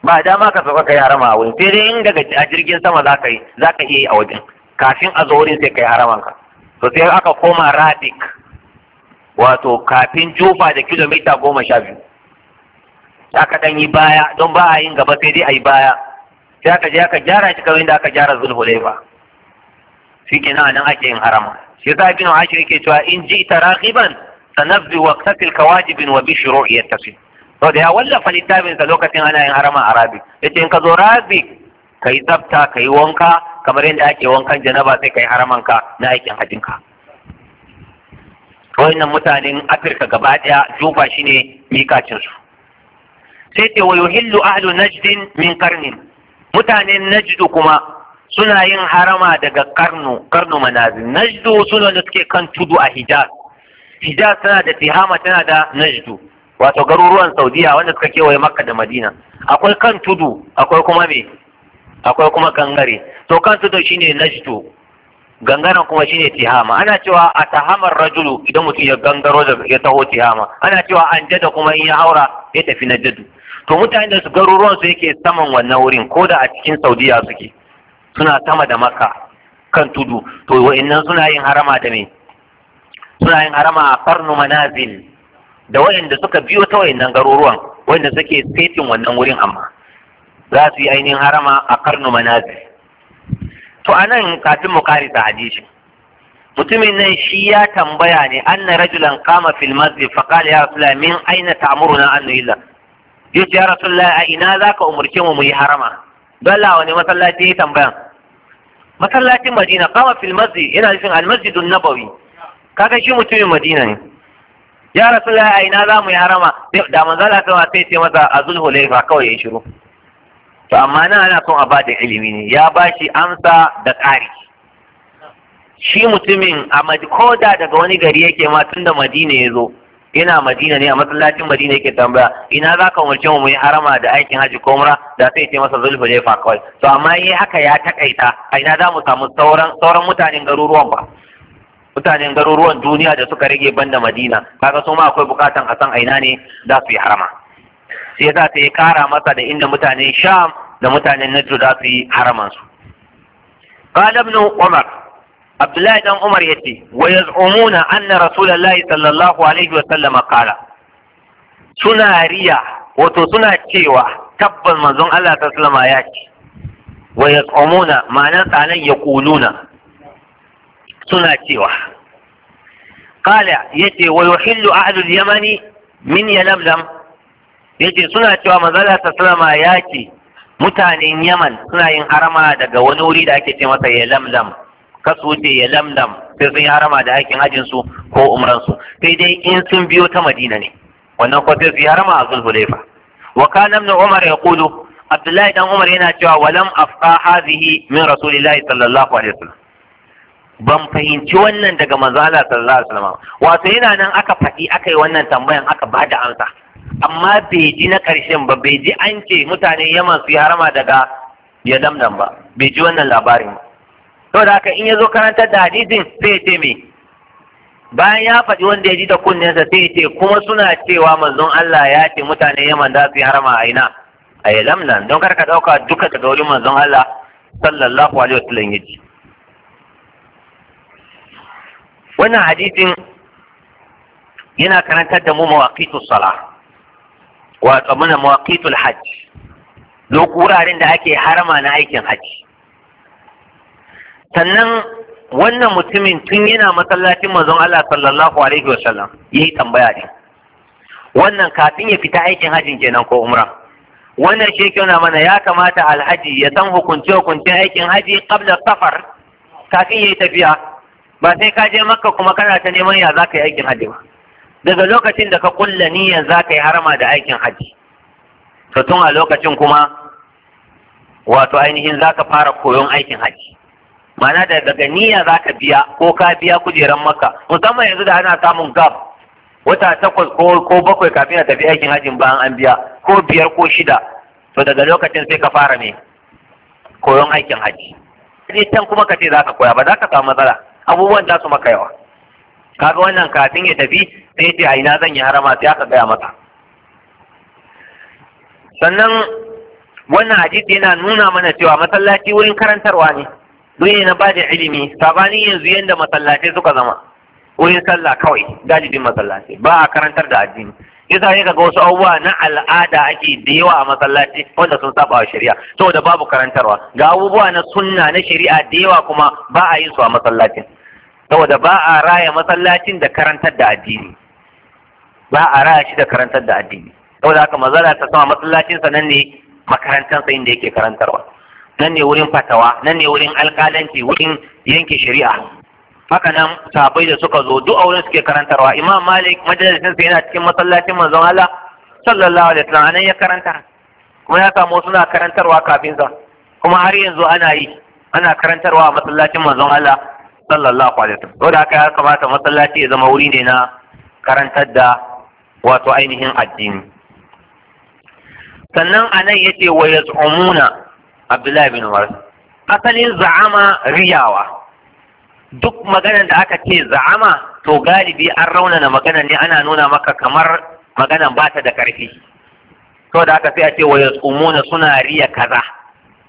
ba dama ka sauka kai harama a wurin sai dai in daga a jirgin sama za ka yi za ka iya yi a wajen kafin a zo wurin sai kai haraman ka to sai aka koma radik wato kafin jufa da kilomita goma sha biyu aka dan yi baya don ba a yin gaba sai dai a yi baya sai aka je aka gyara shi kawai da aka gyara zulhulaifa shi ke nan ake yin harama shi yasa ibn ashir yake cewa in ji ita raqiban sanabbi waqtatil kawajibin wa bi shuru'i yattasil to da ya wallafa littafin lokacin ana yin harama arabi yace in ka zo rabi kai tsafta kai wanka kamar yadda ake wankan janaba sai kai haraman ka na aikin hajjin ka wayannan mutanen afirka gaba daya juba shine mikacin su sai ce wa yuhillu ahlu najdin min qarnin mutanen najdu kuma suna yin harama daga karnu karnu manazin najdu suna da suke kan tudu a hijaz hijaz tana da tihama tana da najdu wato garuruwan saudiya wanda suka kewaye makka da madina akwai kan tudu akwai kuma me akwai kuma gangare to kan tudu shine najdu gangaren kuma shine tihama ana cewa a tahamar rajulu idan mutum ya gangaro da ya taho tihama ana cewa an jada kuma in ya haura ya tafi na jadu to mutane da su garuruwan su yake saman wannan wurin ko da a cikin saudiya suke suna sama da makka kan tudu to wa'annan suna yin harama da me suna yin harama a farnu manazil da wayanda suka biyo ta wayannan garuruwan wanda suke setin wannan wurin amma za su yi ainihin harama a karnu manazi to anan kafin mu kare karisa hadisi mutumin nan shi ya tambaya ne anna rajulan qama fil masjid fa qala ya rasulullah min aina ta'muruna an nuhilla yace ya rasulullah a ina zaka umurce mu mu yi harama balla wani masallaci ya tambaya masallacin madina qama fil masjid yana nufin al masjidun nabawi kaga shi mutumin madina ne ya rasu da a ina za mu yi harama da manzala ta sai ce masa a zulhulaifa kawai ya shiru to amma na ana son a bada ilimi ne ya ba shi amsa da ƙari shi mutumin a koda daga wani gari yake ma tun da madina ya zo ina madina ne a masallacin madina yake tambaya ina za ka umarce mu yi harama da aikin hajji ko mura da sai ce masa zulfa jefa kawai to amma yi haka ya takaita a ina za mu samu sauran sauran mutanen garuruwan ba mutanen garuruwan duniya da suka rage banda madina kaga su ma akwai bukatan a san aina ne za su yi harama sai yasa sai ya kara masa da inda mutanen sham da mutanen najdu za su yi haraman su qala ibn umar abdullahi dan umar yace wa yaz'umuna anna rasulullahi sallallahu alaihi wa sallam qala suna riya wato suna cewa tabbas manzon Allah sallallahu alaihi wa sallama ya ce wa yaz'umuna ma'anar tsanan yaquluna suna cewa kala yace wa yuhillu ahlul yamani min yalamlam yace suna cewa manzala ta sallama ya ce mutanen yaman suna yin harama daga wani wuri da ake ce masa yalamlam kasu wuce yalamlam sai sun yi harama da aikin hajjin su ko umran su sai dai in sun biyo ta madina ne wannan ko sai su yi harama a zulhulaifa wa kana ibn umar ya Kudu? abdullahi dan umar yana cewa walam afqa hadhihi min rasulillahi sallallahu alaihi wasallam ban fahimci wannan daga manzo Allah sallallahu alaihi wasallam wato yana nan aka faɗi aka yi wannan tambayan aka ba da amsa amma bai ji na ƙarshen ba bai ji an ce mutane yaman su harama daga ya damdam ba bai ji wannan labarin saboda haka in ya zo karantar da hadisin sai ya ce me bayan ya faɗi wanda ya ji da kunninsa sai ya ce kuma suna cewa manzon Allah ya ce mutane yaman za su yi harama a ina a ya damdam don karka ɗauka duka daga wurin manzon Allah sallallahu alaihi wasallam ya ji wannan hadisin yana karantar da mu mawaqitus sala wato mana mawaqitul hajj wuraren da ake harama na aikin hajji sannan wannan mutumin tun yana masallacin mazan Allah sallallahu alaihi wa sallam yayi tambaya ne wannan kafin ya fita aikin hajjin kenan ko umra wannan shi yake mana ya kamata alhaji ya san hukunce hukuncin aikin haji qabla safar kafin yi tafiya ba sai ka je makka kuma kana ta neman ya za ka yi aikin hajji ba daga lokacin da ka kulla niyan za ka yi harama da aikin hajji to tun a lokacin kuma wato ainihin za ka fara koyon aikin hajji ma'ana da daga niyya za ka biya ko ka biya kujeran maka musamman yanzu da ana samun gab wata takwas ko bakwai kafin a tafi aikin hajjin bayan an biya ko biyar ko shida to daga lokacin sai ka fara ne koyon aikin hajji ni can kuma ka ce za ka koya ba za ka samu matsala abubuwan za su maka yawa kaga wannan kafin ya tafi sai ce a ina zan yi harama sai aka gaya mata. sannan wannan hadisi yana nuna mana cewa masallaci wurin karantarwa ne dole na ba da ilimi sabani yanzu yanda masallatai suka zama wurin sallah kawai galibin masallatai ba a karantar da addini yasa ka kaga wasu abubuwa na al'ada ake da yawa a masallaci wanda sun saba wa shari'a saboda babu karantarwa ga abubuwa na sunna na shari'a da yawa kuma ba a yin su a masallacin saboda ba a raya masallacin da karantar da addini ba a raya shi da karantar da addini saboda haka mazala ta sama masallacin sa nan ne makarantar sa inda yake karantarwa nan ne wurin fatawa nan ne wurin alƙalanci wurin yanke shari'a haka nan sahabai da suka zo duk auren suke karantarwa imam malik majalisin sa yana cikin masallacin manzon Allah sallallahu alaihi wasallam anan ya karanta kuma ya samu suna karantarwa kafin sa kuma har yanzu ana yi ana karantarwa a masallacin manzon Allah sallallahu alaihi wasallam saboda haka ya kamata masallaci ya zama wuri ne na karantar da wato ainihin addini sannan anan yace wa yaz'umuna Abdullahi bin Umar asalin za'ama riyawa duk maganar da aka ce za'ama to galibi an raunana magana ne ana nuna maka kamar magana ba ta da ƙarfi. to da aka sai a ce wa yasumuna suna riya kaza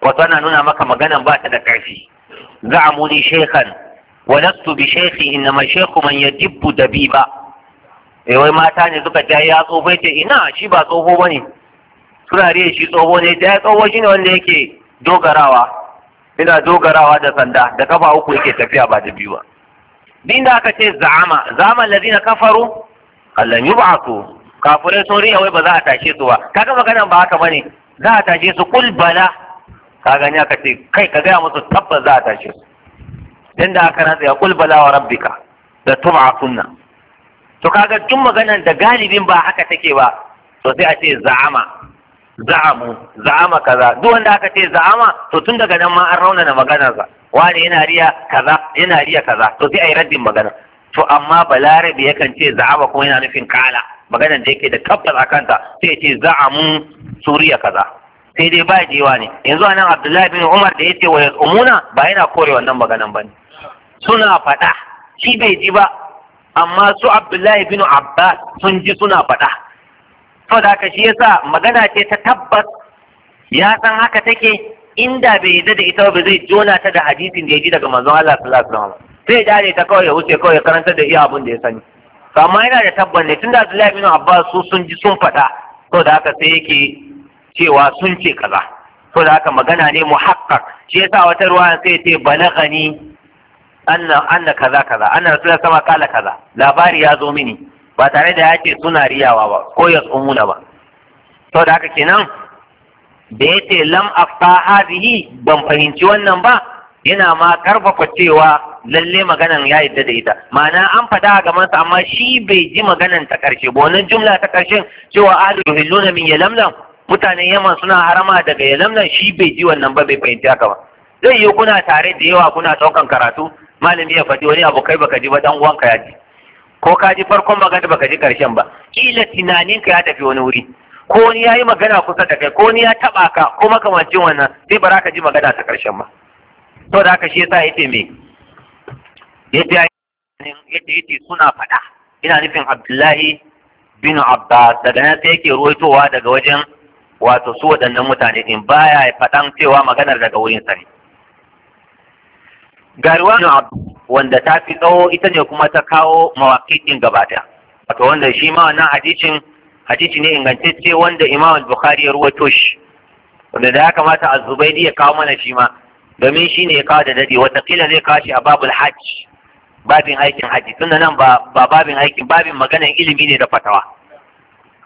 wato ana nuna maka magana ba ta da ƙarfi. za'amu ni shaykhan wa lastu bi shaykhi innama shekhu man yajibbu dabiba eh wai mata ne suka ja ya tsofe ce ina shi ba tsoho bane suna riya shi tsoho ne ya tsoho shine wanda yake dogarawa ina dogarawa da sanda da kafa uku yake tafiya ba da biyu ba din da aka ce za'ama za'ama allazina kafaru allan yub'atu kafure sun riya wai ba za a tashe su ba kaga maganan ba haka bane za a tashe su kul bala ka gani aka ce kai ka gaya musu tabbas za a tashe su din da aka rantsa ya kul bala wa rabbika da tub'atunna to kaga duk maganan da galibin ba haka take ba to sai a ce za'ama za'amu za'ama kaza duk wanda aka ce za'ama to tun daga nan ma an raunana maganarsa wani yana riya kaza yana riya kaza to sai ayi raddin magana to amma balarabe yakan ce za'ama kuma yana nufin kala maganar da yake da tabbas a kanta sai ya ce za'amu suriya kaza sai dai ba jewa ne yanzu anan abdullahi bin umar da ya ce wa umuna ba yana kore wannan maganan bane. suna faɗa shi bai ji ba amma su abdullahi bin abbas sun ji suna faɗa da haka shi yasa magana ce ta tabbas ya san haka take inda bai yadda da ita ba zai jona ta da hadisin da ya ji daga manzon Allah sallallahu alaihi wasallam sai dare ta kawai ya wuce kawai ya karanta da iya abin da ya sani to amma yana da tabban ne tunda Abdullahi bin Abbas su sun ji sun faɗa to da haka sai yake cewa sun ce kaza to da haka magana ne muhaqqaq shi yasa wata ruwa sai ce balagani anna anna kaza kaza anna rasulullahi sama kala kaza labari ya zo mini ba tare da ya ce suna riyawa ba ko ya na ba to da haka kenan da ya ce lam afta hadhihi ban fahimci wannan ba yana ma karfafa cewa lalle maganan ya yadda da ita ma'ana an fada a gabansa amma shi bai ji maganan ta karshe ba wannan jumla ta karshen cewa ahlu yuhilluna min yalamlam mutanen yaman suna harama daga ya yalamlam shi bai ji wannan ba bai fahimci haka ba zai yi kuna tare da yawa kuna ɗaukan karatu malami ya faɗi wani abu kai baka ji ba dan uwanka ya ji ko ka ji farkon magana baka ji karshen ba kila ka ya tafi wani wuri ko wani ya yi magana kusa da kai ko wani ya taba ka ko makamancin wannan sai ba za ka ji magana ta karshen ba to da haka shi yasa yace me yace yace yace suna fada ina nufin Abdullahi bin Abbas daga nan sai yake ruwaitowa daga wajen wato su waɗannan mutane din baya faɗan cewa maganar daga wurin sani. ga riwayar abu wanda ta fi tsawo ita ne kuma ta kawo mawaƙiƙin gabata. ɗaya wato wanda shi ma wannan hadisin hadisi ne ingantacce wanda imam bukhari ya ruwaito shi wanda da ya kamata a zubaidi ya kawo mana shi ma domin shi ne ya kawo da dadi. wata kila zai kawo shi a babul hajj babin aikin hajji tunda nan ba babin aikin babin maganan ilimi ne da fatawa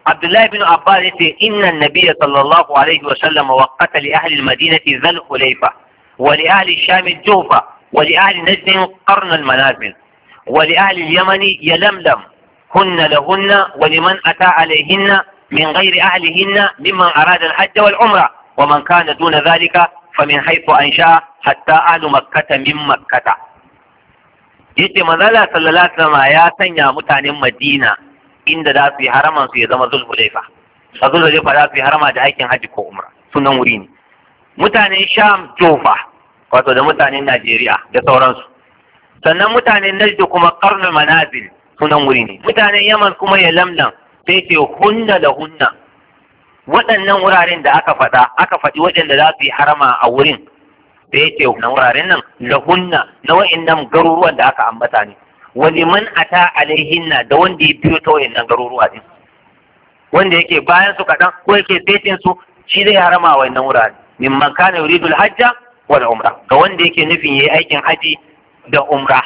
Abdullahi bin Abbas yace inna an-nabiyya sallallahu alaihi wa sallam waqata li ahli madinati dhul hulayfa wa li ahli sham al-juhfa ولأهل نجد قرن المنازل ولأهل اليمن يلملم هن لهن ولمن أتى عليهن من غير أهلهن ممن أراد الحج والعمرة ومن كان دون ذلك فمن حيث أنشاء حتى أهل مكة من مكة يجي منالا صلى الله عليه وسلم آيات يا متعن مدينة إن دا في حرم في يدم ذو الحليفة ذو الحليفة دا في حرم دا حج كو عمرة سنة مريني متعن شام جوفة wato da mutanen Najeriya da sauransu sannan mutanen Najd kuma qarnul manazil sunan wuri ne mutanen Yaman kuma ya lamlam sai ce hunna da hunna waɗannan wuraren da aka faɗa aka faɗi waɗanda za su yi harama a wurin da yake na wuraren nan hunna na wa'annan garuruwan da aka ambata ne wani man ata alaihinna da wanda ya biyo ta wa'annan garuruwa din wanda yake bayan su kaɗan ko yake fetin su shi zai harama a wa'annan wurare min man kana yuridul hajja da umra ga wanda yake nufin yayi aikin haji da umra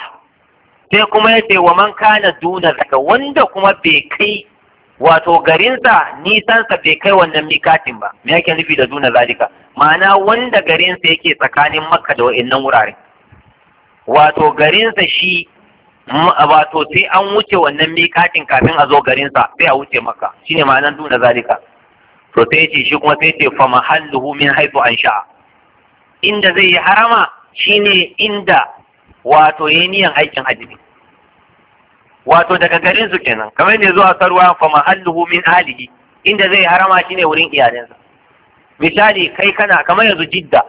sai kuma ya ce wa man kana duna zaka wanda kuma bai kai wato garinsa nisansa bai kai wannan mikatin ba me yake nufi da duna zalika ma'ana wanda garinsa yake tsakanin makka da wa'annan wurare wato garinsa shi wato sai an wuce wannan mikatin kafin a zo garinsa sai a wuce makka shine ma'anar duna zalika to sai ce shi kuma sai ce fa mahalluhu min haythu an inda zai yi harama shine inda wato yayi niyan aikin hajji wato daga garin su kenan kamar ne zuwa sarwa fa mahalluhu min alihi inda zai harama shine wurin iyalinsa misali kai kana kamar yanzu jidda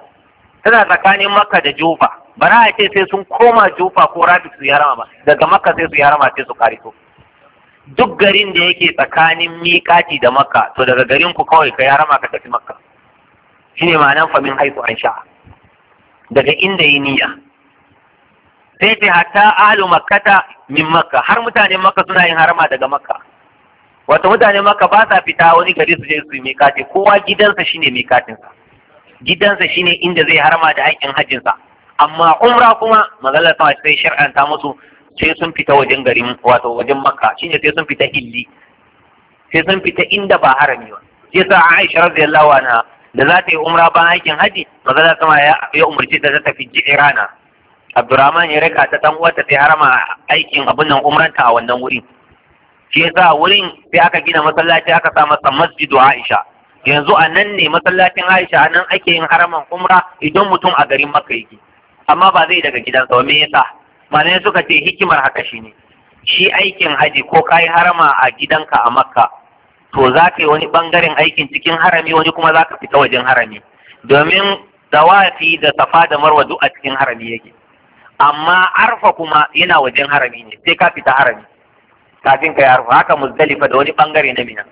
tana tsakanin makka da jufa ba na a ce sai sun koma jufa ko rafi su harama ba daga makka sai su yi harama sai su karito duk garin da yake tsakanin miƙati da makka to daga garin ku kawai ka harama ka tafi makka shine ma'anan fa min haihuwar an sha'a daga inda yi niyya sai fi hatta ahlu makkata min makka har mutanen makka suna yin harama daga makka wato mutanen makka ba sa fita wani gari su je su yi kati kowa gidansa shine mikatinsa gidansa shine inda zai harama da aikin hajjinsa amma umra kuma maganar sama sai shar'anta musu sai sun fita wajen garin wato wajen makka shine sai sun fita hilli sai sun fita inda ba harami ba sai sa Aisha radiyallahu anha da za ta yi umra bayan aikin haji maza za sama ya umarci ta ta tafi rana. abdurrahman ya raka ta dan uwarta ta harama aikin abin nan umranta a wannan wuri shi yasa wurin sai aka gina masallaci aka sa masa masjidu aisha yanzu a nan ne masallacin aisha a nan ake yin haraman umra idan mutum a garin makka yake amma ba zai daga gidansa ba me yasa malamai suka ce hikimar haka shi ne shi aikin haji ko kayi harama a gidanka a makka to za ka yi wani bangaren aikin cikin harami wani kuma za ka fita wajen harami domin dawafi da safa da marwa duk a cikin harami yake amma arfa kuma yana wajen harami ne sai ka fita harami kafin ka yi arfa haka muzdalifa da wani bangare na mina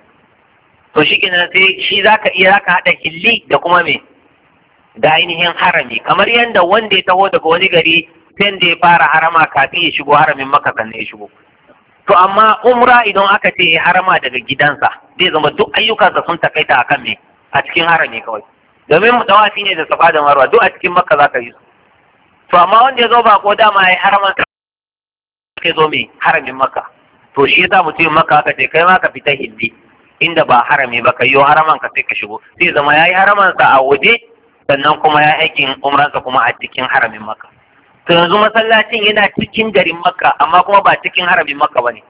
to shi kenan sai shi za ka iya ka haɗa hilli da kuma me da ainihin harami kamar yadda wanda ya taho daga wani gari sai da ya fara harama kafin ya shigo haramin maka sannan ya shigo to amma umra idan aka ce ya harama daga gidansa zai zama duk ayyukansa sun takaita a kan me a cikin harami kawai domin mu tawafi ne da safa da marwa duk a cikin makka za ka yi su to amma wanda ya zo ba ko dama ya yi haraman ka zo me haramin makka to shi yasa mutum makka aka ce kai ma ka fita hindi inda ba harami ba ka yi haraman ka sai ka shigo zai zama ya yi haramansa a waje sannan kuma ya aikin umransa kuma a cikin haramin makka to yanzu masallacin yana cikin garin makka amma kuma ba cikin haramin makka ba ne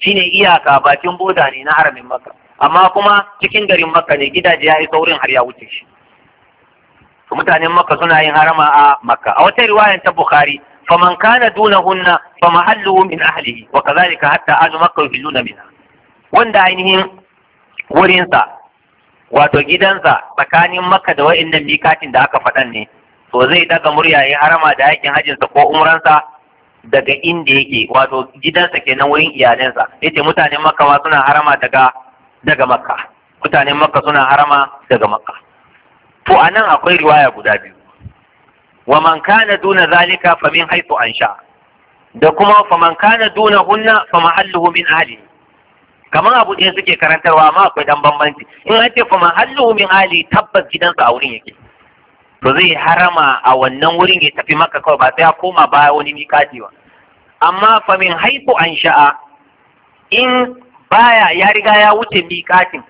shine iyaka bakin boda ne na haramin makka amma kuma cikin garin makka ne gidaje ya yi saurin har ya wuce shi mutanen makka suna yin harama a makka a wata riwayan ta bukhari faman kana dunahunna fa mahalluhu min ahlihi wa kadhalika hatta ahlu makka luna minha wanda ainihin wurinsa wato gidansa tsakanin makka da wa'annan mikatin da aka faɗan ne to zai daga murya ya harama da aikin hajjinsa ko umransa daga inda yake wato gidansa kenan wurin iyalansa yace mutanen makka suna harama daga daga makka mutanen makka suna harama daga makka to anan akwai riwaya guda biyu wa man kana duna zalika fa min haythu ansha da kuma fa man kana duna hunna fa mahalluhu min ahli kamar abu ɗaya suke karantarwa amma akwai dan bambanci in an ce fa mahalluhu min ahli tabbas gidansa a wurin yake to zai harama a wannan wurin ya tafi maka kawai ba sai ya koma baya wani mikati ba amma fa min haifu an sha'a in baya ya riga ya wuce mikatin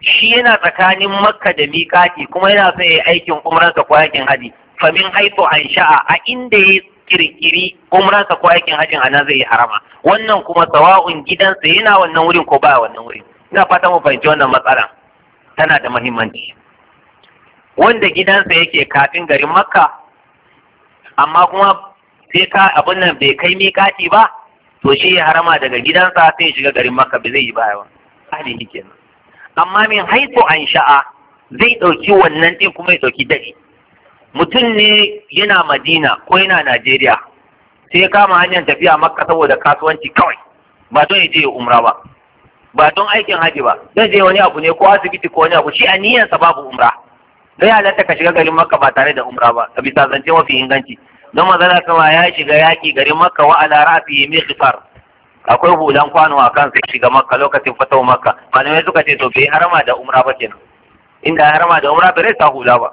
shi yana tsakanin makka da mikati kuma yana son ya aikin umran ko aikin haji fa min haifu an sha'a a inda ya kirkiri umran ko aikin hajin a nan zai harama wannan kuma sawa'un gidansa yana wannan wurin ko baya wannan wurin ina fata mu fahimci wannan matsala tana da muhimmanci wanda gidansa yake kafin garin makka amma kuma sai ka abin nan bai kai miƙati ba to shi ya harama daga gidansa sai shiga garin makka ba zai yi baya ba ahli kenan amma min haifo an sha'a zai ɗauki wannan ɗin kuma ya ɗauki daɗi mutum ne yana madina ko yana najeriya sai ya kama hanyar tafiya makka saboda kasuwanci kawai ba don ya je ya umra ba ba don aikin haji ba zai je wani abu ne ko asibiti ko wani abu shi a niyyarsa babu umra sai halatta ka shiga garin makka ba tare da umra ba ka bisa zance mafi inganci don manzala kama ya shiga yaƙi garin makka wa ala rafi mai kifar akwai hulan kwano a kan sai shiga makka lokacin fatawa makka malamai suka ce to bai harama da umra ba kenan inda ya harama da umra bai sa hula ba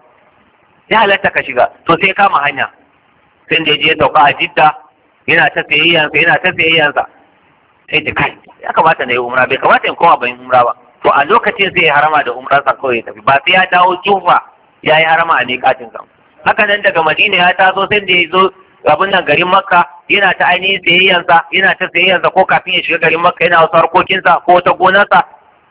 sai halatta ka shiga to sai kama hanya sai da je ya sauka a jidda yana ta tsayayyansa yana ta tsayayyansa sai da kai ya kamata na yi umra bai kamata in koma ban umra ba to a lokacin sai ya harama da umra sa kawai ya tafi ba sai ya dawo jufa ya yi harama a miƙatin sa haka nan daga madina ya taso sai da ya zo abin nan garin makka yana ta ainihin sayayyansa yana ta sayayyansa ko kafin ya shiga garin makka yana wasu harkokinsa ko ta gonarsa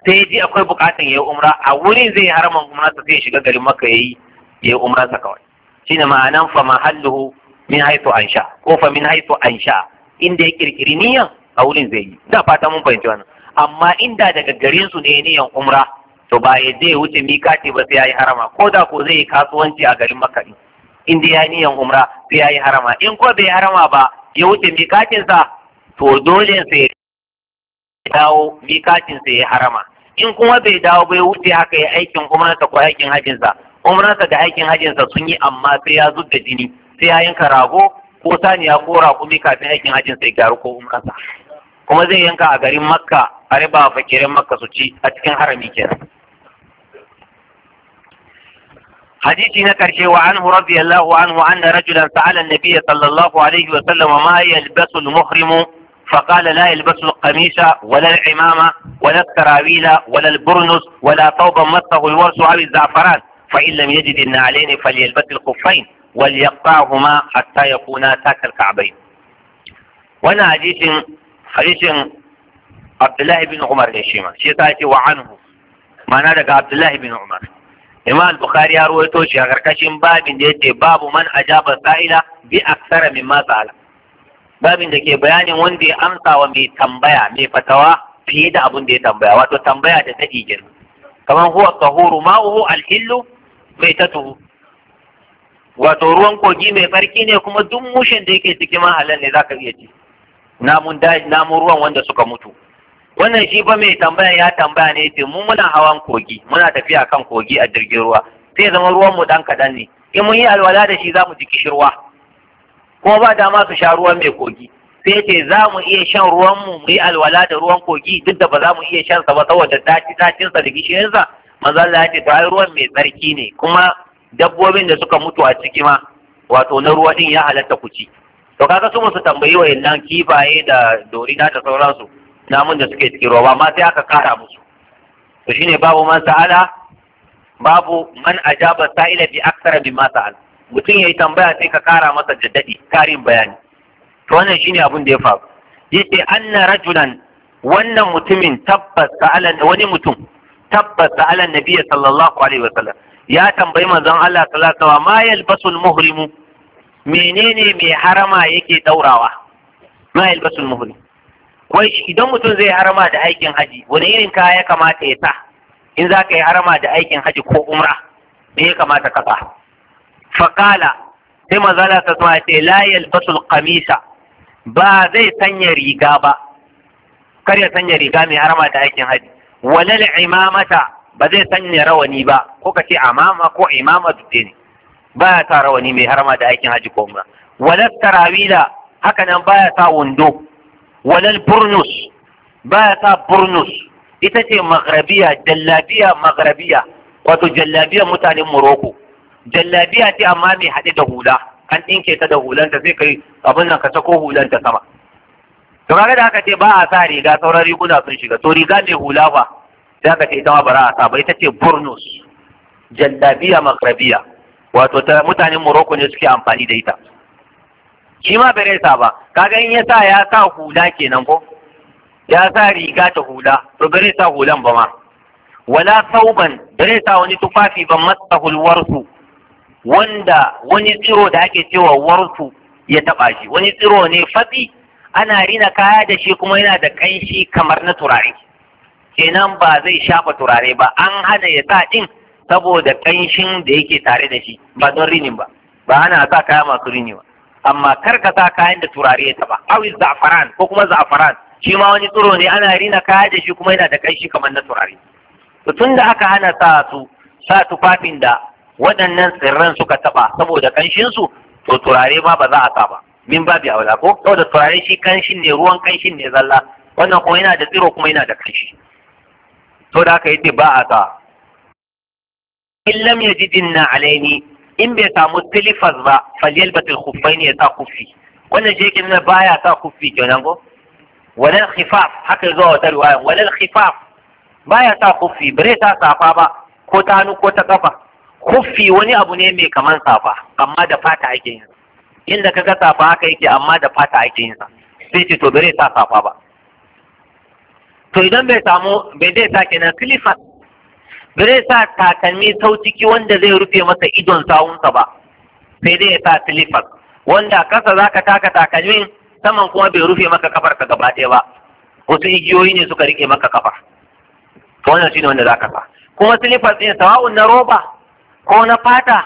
sai ya ji akwai buƙatan ya yi umra a wurin zai yi haraman sa, sai ya shiga garin makka ya yi ya yi umrarsa kawai ne ma'anan fa mahalluhu min haitu ansha ko fa min haitu ansha inda ya kirkiri niyan a wurin zai yi da fata mun fahimci wannan amma inda daga garin su ne niyan umra to ba ya je wuce mikati ba sai yayi harama ko da ko zai yi kasuwanci a garin makka din in dai yayi niyan umra sai yayi harama in ko bai harama ba ya wuce mikatin sa to dole sai ya dawo mikatin sa ya harama in kuma bai dawo bai wuce haka ya aikin umransa ko aikin umran sa da aikin sa sun yi amma sai ya zubda jini sai ya yanka rago ko saniya ko raƙumi kafin aikin sa ya gyaru ko sa kuma zai yanka a garin makka a riba fakirin makka su ci a cikin harami kenan hadisi na karshe wa anhu radiyallahu anhu anna rajulan sa'ala an-nabiy sallallahu alaihi wa sallam ma yalbasu al-muhrimu فقال لا يلبس القميص ولا العمامة ولا السراويل ولا البرنس ولا ثوبا مسه الورس أو الزعفران فإن لم يجد النعلين فليلبس الخفين وليقطعهما حتى يكونا تحت الكعبين وانا حديث حديث عبد الله بن عمر هشيما شيء وعنه معناه عبد الله بن عمر imam bukhari ya ruwaito shi a karkashin babin da yake babu man ajaba sa'ila bi aksara min ma sa'ala babin da ke bayanin wanda ya amsa wa mai tambaya mai fatawa fiye da abun da ya tambaya wato tambaya da ta digin kamar huwa tahuru ma'uhu alhillu mai tuhu. wato ruwan kogi mai farki ne kuma duk mushin da yake cikin mahallan ne zaka iya ci namun ruwan wanda suka mutu wannan shi ba mai tambaya ya tambaya ne ce mu muna hawan kogi muna tafiya kan kogi a jirgin ruwa sai zama ruwan mu dan kadan ne in mun yi alwala da shi za mu ji kishirwa ko ba ma su sha ruwan mai kogi sai ce za mu iya shan ruwan mu mu yi alwala da ruwan kogi duk da ba za mu iya shan sa ba saboda daci dacin sa da gishirin sa manzo Allah ya ce to ruwan mai tsarki ne kuma dabbobin da suka mutu a ciki ma wato na ruwa din ya halatta ku ci to kaga su musu tambayi wayannan kifaye da dorina da sauransu namun da suke tsiro ba ma sai aka kara musu to shine babu man sa'ala babu man ajaba sa'ila bi aksara bi ma sa'al mutum yayi tambaya sai ka kara masa jaddadi karin bayani to wannan shine abin da ya faru yace anna rajulan wannan mutumin tabbas sa'ala wani mutum tabbas sa'ala nabiy sallallahu alaihi wasallam ya tambayi manzon Allah sallallahu alaihi wasallam ma yalbasul muhrimu menene mai harama yake daurawa ma yalbasul muhrim wai idan mutum zai harama da aikin haji wani irin kaya ya kamata ya sa in za ka yi harama da aikin haji ko umra me ya kamata ka sa faqala sai manzala ta zuwa ce la yalbasul qamisa ba zai sanya riga ba kar ya sanya riga mai harama da aikin haji walal imamata ba zai sanya rawani ba ko ka ce amama ko imama duk ne ba ya sa rawani mai harama da aikin haji ko umra walal tarawila haka nan ba ya sa wando walal burnus baya sa burnus ita ce maghrabiya jallabiya maghrabiya wato jallabiya mutanen Morocco jallabiya ce amma mai haɗe da hula an ɗinke ta da hulanta sai kai abin nan ka sako hulanta sama to kaga da aka ce ba a sa riga sauran riguna sun shiga to riga mai hula ba sai aka ce ita ma ba a sa ba ita ce burnus jallabiya maghrabiya wato ta mutanen Morocco ne suke amfani da ita shi ma bare sa ba kaga in ya sa ya sa hula kenan ko ya sa riga ta hula to bare sa hulan ba ma wala sauban bare sa wani tufafi ba masahul warsu wanda wani tsiro da ake cewa warsu ya taɓa shi wani tsiro ne fatsi ana rina kaya da shi kuma yana da ƙanshi kamar na turare kenan ba zai shafa turare ba an hana ya sa din saboda ƙanshin da yake tare da shi ba don rinin ba ba ana sa kaya masu rini ba amma kar ka sa kayan da turare ya taba awi za'faran ko kuma za'faran shi ma wani tsiro ne ana rina kaya da shi kuma yana da kanshi kamar na turare to tun da aka hana sa su sa tufafin da waɗannan tsirran suka taba saboda kanshin su to turare ma ba za a sa ba min babi wala ko saboda turare shi kanshin ne ruwan kanshin ne zalla wannan kuma yana da tsiro kuma yana da kanshi to da aka yi ba a sa in yajidinna alaini in bai samu silifas ba kufai ne ya sa kufi wannan shi yake nuna baya sa ke nan ko walal khifaf haka zuwa wata ruwaya walal khifaf baya sa kufi bare ta safa ba ko ta hannu ko ta kafa kufi wani abu ne mai kaman safa amma da fata ake yin inda kaga safa haka yake amma da fata ake yin sa sai ce to bare ta safa ba to idan bai samu bai dai sa kenan silifas ba sa takalmi sau ciki wanda zai rufe masa idon sawunsa ba sai dai ya sa silifas wanda kasa za ka taka takalmin saman kuma bai rufe maka kafar ka gaba ɗaya ba wasu igiyoyi ne suka rike maka kafa wannan shine wanda za ka sa kuma silifas ɗin sawa'un na roba ko na fata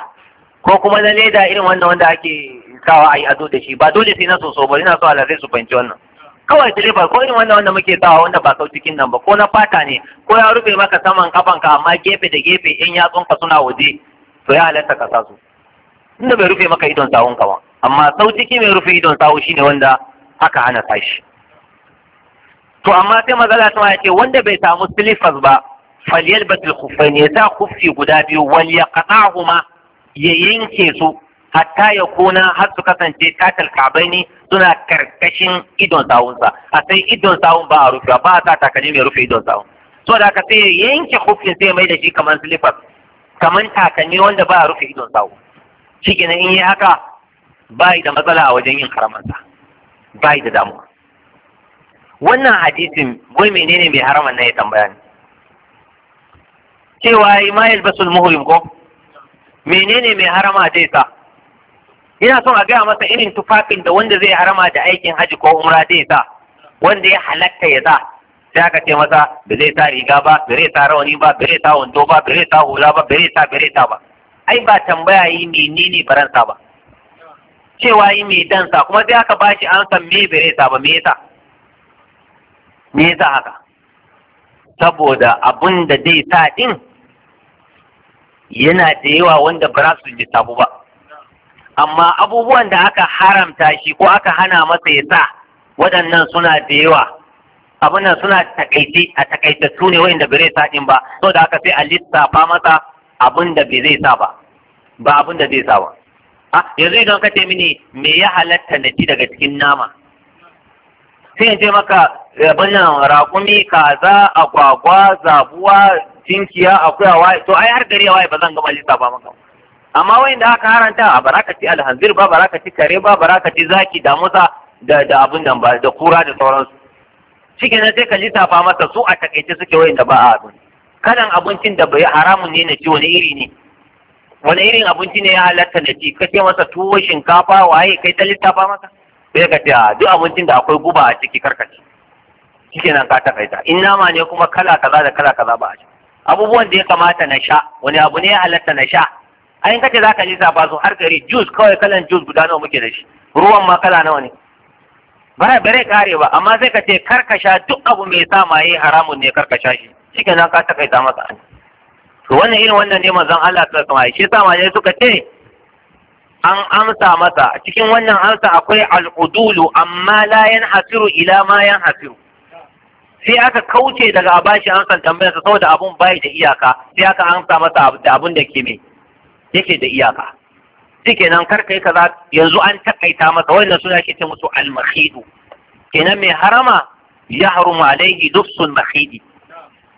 ko kuma na leda irin wanda wanda ake sawa a yi ado da shi ba dole sai na soso ba ina so alazai su fahimci wannan kawai ba ko irin wannan wanda muke sawa wanda ba sau cikin nan ba ko na fata ne ko ya rufe maka saman kafanka amma gefe da gefe in yatsunka suna waje to ya halatta ka sa su inda bai rufe maka idon sawun ka ba amma sau ciki mai rufe idon sawu shine wanda aka hana sashi to amma sai matsala ta ce wanda bai samu silifas ba faliyal batil khuffain ya sa kuffi guda biyu wal yaqta'huma ya yanke su hatta ya kuna har su kasance tatal kabaini suna karkashin idon sawunsa a sai idon sawun ba a rufe, ba a sa takalmi mai rufe idon sawun so da aka sai yanke hufin sai mai da shi kamar silifas kamar takalmi wanda ba a rufe idon sawun shi kenan in yi haka ba da matsala a wajen yin haramansa ba da damuwa wannan hadisin wai menene mai haraman na ya tambaya ne cewa ma yalbasul muhrim ko menene mai harama zai sa ina son a gaya masa irin tufafin da wanda zai harama da aikin haji ko umra zai sa wanda ya halatta ya sa sai aka ce masa ba zai sa riga ba ba zai sa rawani ba ba zai sa wando ba ba zai sa hula ba ba zai sa ba zai sa ba ai ba tambaya yi menene faransa ba cewa yi mai dansa kuma sai aka bashi an san me ba zai sa ba me yasa me yasa haka saboda abun da zai sa din yana da yawa wanda ba za su sabu ba amma abubuwan da aka haramta shi ko aka hana masa ya sa waɗannan suna da yawa abin nan suna takaice a takaice su ne wanda bai sa ɗin ba so da aka sai a lissafa masa abin da bai zai sa ba ba abin da zai sa ba a ah, yanzu idan ka ce mini me ya halatta na ci daga cikin nama sai in ce maka abin nan raƙumi kaza agwagwa zabuwa akwai akuyawa to ai har gari waye ba zan gama lissafa maka ba amma wayanda aka haranta a za alhanzir ba ba kare ba ba zaki da musa da da abun nan ba da kura da sauransu cikin nan sai ka tafa masa su a takaice suke wayanda ba a abin kalan abincin da bai haramun ne na ci wani iri ne wani irin abinci ne ya halatta na ci kace masa tuwo shinkafa waye kai ta littafa masa sai ka ce duk abincin da akwai guba a ciki karkace shike nan ka takaita in nama ne kuma kala kaza da kala kaza ba a ci abubuwan da ya kamata na sha wani abu ne ya halatta na sha ayin kace za ka lissafa su har gari jus kawai kalan jus guda nawa muke da shi ruwan ma kala nawa ne bara bare kare ba amma sai ka ce karkasha duk abu mai sa maye haramun ne karkasha shi shikenan ka takaita masa an to wannan irin wannan ne manzon Allah ta kama shi sa maye suka ce an amsa masa cikin wannan amsa akwai al-udulu amma la yanhasiru ila ma yanhasiru sai aka kauce daga a bashi san tambayarsa saboda abun bai da iyaka sai aka amsa masa da abun da ke mai yake da iyaka shikenan kar yi kaza yanzu an takaita masa wannan suna yake ce musu al mahidu kenan mai harama ya harumu alaihi duksun mahidi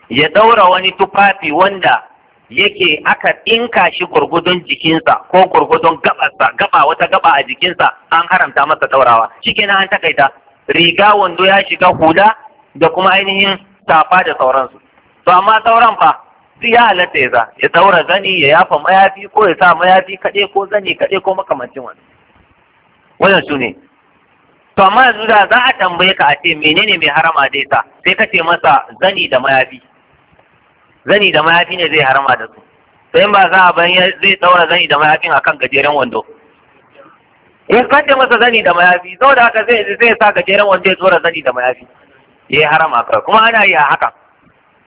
ya daura wani tufafi wanda yake aka ɗinka shi gurgudun jikinsa ko gurgudun gabasa, gaba wata gaba a jikinsa an haramta masa daurawa shikenan an takaita riga wando ya shiga hula da kuma ainihin safa da sauransu to amma sauran fa duk ya halatta ya za ya daura zani ya yafa mayafi ko ya sa mayafi kaɗai ko zani kaɗai ko makamancin wani wannan su ne to amma yanzu da za a tambaye ka a ce menene mai harama dai sa sai ka ce masa zani da mayafi zani da mayafi ne zai harama da su sai ba za a bayan zai daura zani da mayafin akan gajeren wando in ka ce masa zani da mayafi da haka zai zai sa gajeren wando ya dora zani da mayafi ya harama ka kuma ana yi a hakan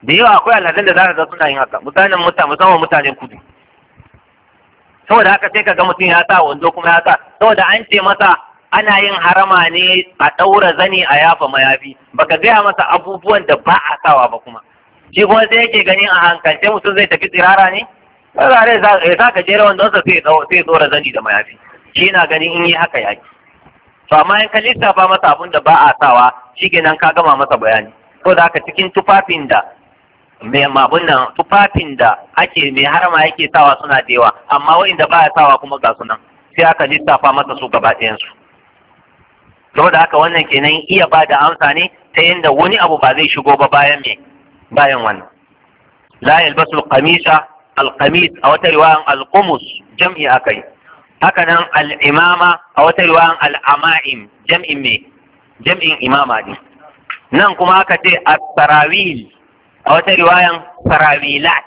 da yawa akwai aladun da ka ga suna yin haka mutanen mutane musamman mutanen kudu saboda haka sai ka ga mutum ya sa wando kuma ya sa saboda an ce masa ana yin harama ne a ɗaura zani a yafa mayafi baka gaya masa abubuwan da ba a sawa ba kuma shi kuma sai yake ganin a hankalce mutum zai tafi tsirara ne tsirare ya sa ka jera wandonsa sai ya ɗora zani da mayafi shi na ganin in yi haka yaki to amma in ka lissafa masa abun da ba a sawa shi kenan ka gama masa bayani saboda haka cikin tufafin da mai mabun nan tufafin da ake mai harama yake sawa suna da yawa amma wa'inda baya sawa kuma ga nan, sai aka lissafa masa su gaba ɗayan su saboda haka wannan kenan iya ba da amsa ne ta yadda wani abu ba zai shigo ba bayan me bayan wannan la al qamisa qamis a wata al-qumus, jam'i akai haka nan al'imama a wata al ama'im jam'in me jam'in imama ne nan kuma aka ce as-sarawil a wata riwayan sarawilat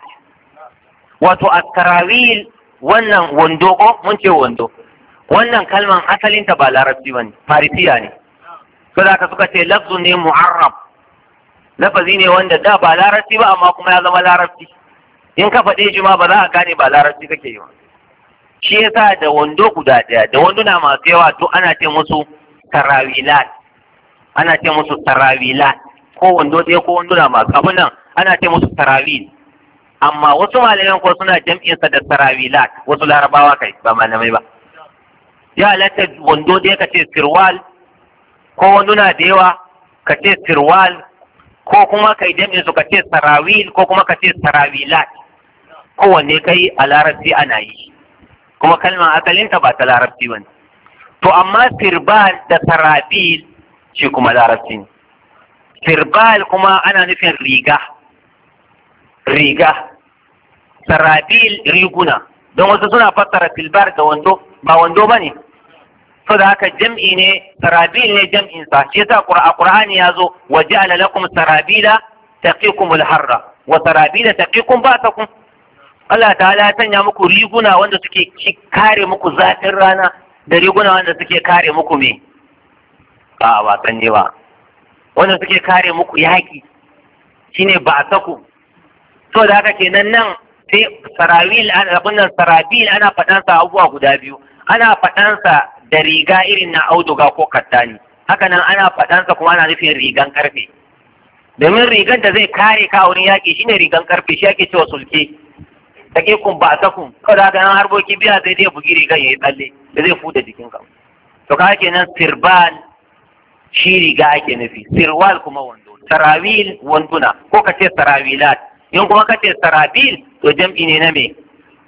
wato a karawil wannan wando ko mun ce wando wannan kalman asalinta ba larabci ba ne farisiya ne da ka suka ce lafzu ne mu'arrab lafazi ne wanda da ba larabci ba amma kuma ya zama larabci in ka faɗe shi ma ba za a gane ba larabci kake yi ba shi yasa da wando guda ɗaya da wanduna masu yawa to ana ce musu tarawilat ana ce musu tarawilat ko wando ɗaya ko wanduna masu abin nan ana ce musu tarawil amma wasu malaman ko suna sa da tarawilat wasu larabawa kai ba malamai ba ya halatta wando da ka ce sirwal ko wanduna da yawa ka ce sirwal ko kuma kai jam'in su ka ce sarawil ko kuma ka ce ko kowanne kai a larabci ana yi kuma kalmar asalinta ba ta larabci ba to amma sirbal da tarabil shi kuma larabci ne sirbal kuma ana nufin riga riga sarabil riguna don wasu suna fassara filbar da wando ba wando ba ne saboda haka jam'i ne sarabil ne jam'in sa shi yasa qur'ani ya zo wa ja'ala lakum sarabila taqikum alharra harra wa sarabila taqikum ba'sakum Allah ta'ala ya sanya muku riguna wanda suke kare muku zafin rana da riguna wanda suke kare muku me a ba sanje ba wanda suke kare muku yaki shine ba to da haka kenan nan sai sarabil ana kunnan sarabil ana faɗansa abubuwa guda biyu ana faɗansa da riga irin na auduga ko kattani haka nan ana faɗansa kuma ana nufin rigan karfe domin rigan da zai kare ka wurin yaƙi shine rigan karfe shi yake cewa sulke take kun ba ta kun kawai haka nan harboki biya zai dai bugi rigan yayi yi tsalle da zai fuda jikin ka to ka kenan sirban shi riga ake nufi sirwal kuma wando sarawil wanduna ko ka ce sarawilat Yan kuma ka sarabil do jam'i ne na me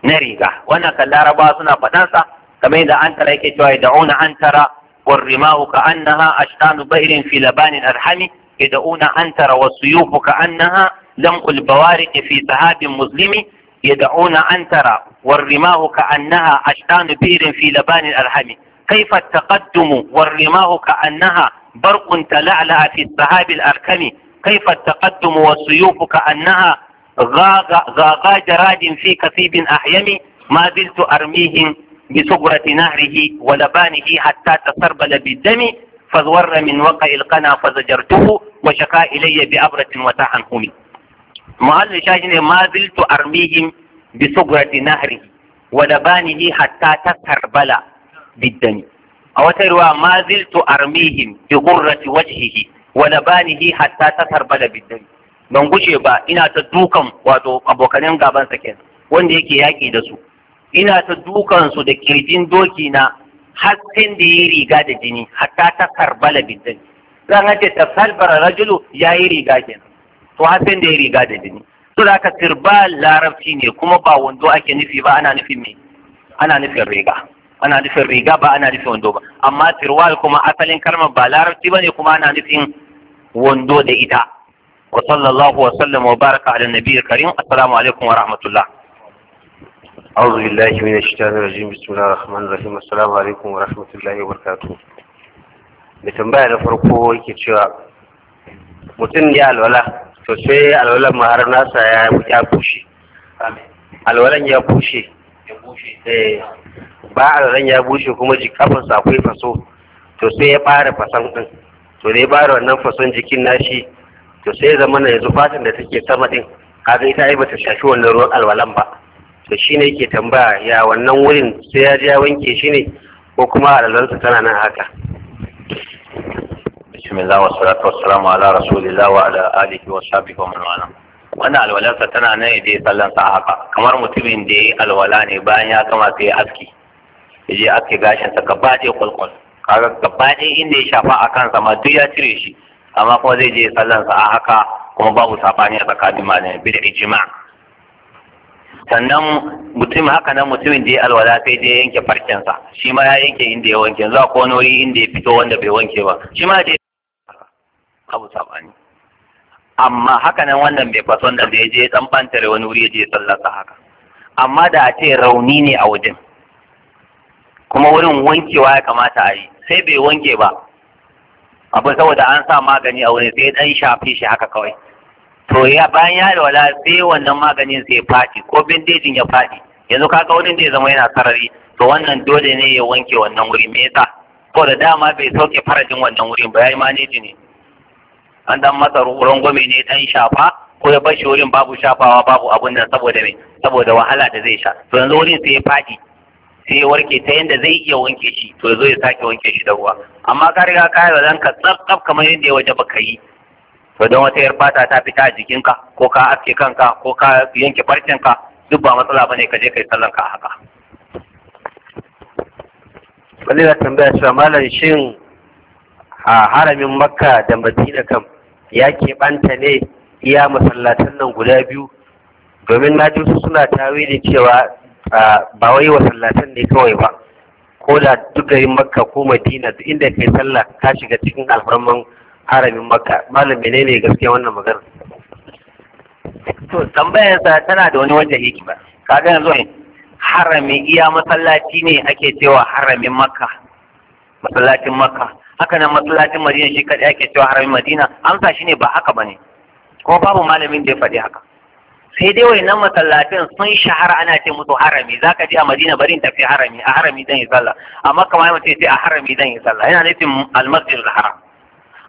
na riga wannan kan laraba suna faɗansa sa kamar yadda an tara yake cewa da una an tara wal rimahu ka annaha ashtanu bahrin fi labanin arhami wasu yufu ka annaha lamqul bawariq fi sahabin muslimi da una an tara wal rimahu ka annaha ashtanu bahrin fi labanin arhami كيف التقدم والرماه كأنها برق تلعلع في الذهاب الأركني كيف غاغا جراد في كثيب أحيم ما زلت أرميهم بسجرة نهره ولبانه حتى تسربل بالدم فزور من وقع القنا فزجرته وشكا إلي بأبرة وتاعا همي ما زلت أرميهم بسجرة نهره ولبانه حتى تسربل بالدم أو تروى ما زلت أرميهم بغرة وجهه ولبانه حتى تسربل بالدم ban guje ba ina ta dukan wato abokanen gaban sa kenan wanda yake yaki da su ina ta dukan su da kirjin doki na har sai da yi riga da jini hatta ta karbala bidan zan hace ta salbara rajulu yayi riga kenan to har sai da yi riga da jini to da ka tirba larabci ne kuma ba wando ake nufi ba ana nufin me ana nufin riga ana nufin riga ba ana nufin wando ba amma tirwal kuma asalin kalmar ba larabci bane kuma ana nufin wando da ita وصلى الله وسلم وبارك على النبي الكريم السلام عليكم ورحمة الله أعوذ بالله من الشيطان الرجيم بسم الله الرحمن الرحيم السلام عليكم ورحمة الله وبركاته mai tambaya da farko yake cewa mutum ya alwala to sai alwalan mahar ya bushe alwalan ya bushe eh. ba alwalan ya bushe kuma sa akwai faso to sai ya fara fasan din to dai ba wannan fason jikin nashi to sai zama na yanzu fatan da take sama din kaga ita ai bata shafi wannan ruwan alwalan ba to shine yake tambaya ya wannan wurin sai ya ji ya wanke shi ne ko kuma alwalansa tana nan haka bismillah wa salatu wa salamu ala rasulillah wa ala alihi wa sahbihi wa man wala wannan alwalansa tana nan ya je sallan sa haka kamar mutumin da ya yi alwala ne bayan ya kama sai ya aski ya je aski gashin sa gaba ɗaya kwalkwal kaga gaba ɗaya inda ya shafa a kansa ma duk ya cire shi amma kuma zai je sa a haka kuma babu sabani a tsakanin bi da ijma sannan mutum haka nan mutumin da ya alwala sai je yanke farkensa shi ma ya yanke inda ya wanke za ko nori inda ya fito wanda bai wanke ba shi ma je Babu sabani amma haka nan wannan bai faso da bai je dan bantare wani wuri ya je sallarsa haka amma da a ce rauni ne a wajen kuma wurin wankewa ya kamata a yi sai bai wanke ba abu saboda an sa magani a wuri sai dan shafi shi haka kawai to ya bayan ya wala sai wannan maganin sai faɗi ko bindejin ya faɗi yanzu kaga wurin ya zama yana sarari to wannan dole ne ya wanke wannan wuri me yasa ko da dama bai sauke farajin wannan wurin ba ya yayi maneji ne an dan masa ruwan gome ne dan shafa ko ya shi wurin babu shafawa babu abun nan saboda me saboda wahala da zai sha to yanzu wurin sai ya faɗi sai ya warke ta yadda zai iya wanke shi to zo ya sake wanke shi da ruwa amma ka riga ka yi wajen ka tsaf kamar yadda ya waje baka yi to don wata yar fata ta fita a jikinka ko ka aske kanka ko ka yanke ka, duk ba matsala bane ka je kai sallan ka haka wani na tambaya cewa malam shin a haramin makka da madina kam ya keɓanta ne iya masallatan nan guda biyu domin na ji suna tawili cewa ba wai wa sallatan ne kawai ba ko da duk garin makka ko madina duk inda kai sallah ka shiga cikin alfarman haramin makka malam menene gaskiya wannan magana to sa tana da wani wanda yake ba kaga yanzu harami iya masallaci ne ake cewa haramin makka masallacin makka haka nan masallacin madina shi kadai ake cewa haramin madina amsa shine ba haka bane ko babu malamin da ya faɗi haka sai dai wai nan masallacin sun shahara ana ce musu harami zaka je a Madina barin tafi harami a harami zan yi sallah amma kamar mace sai a harami zan yi sallah yana nufin al-masjid haram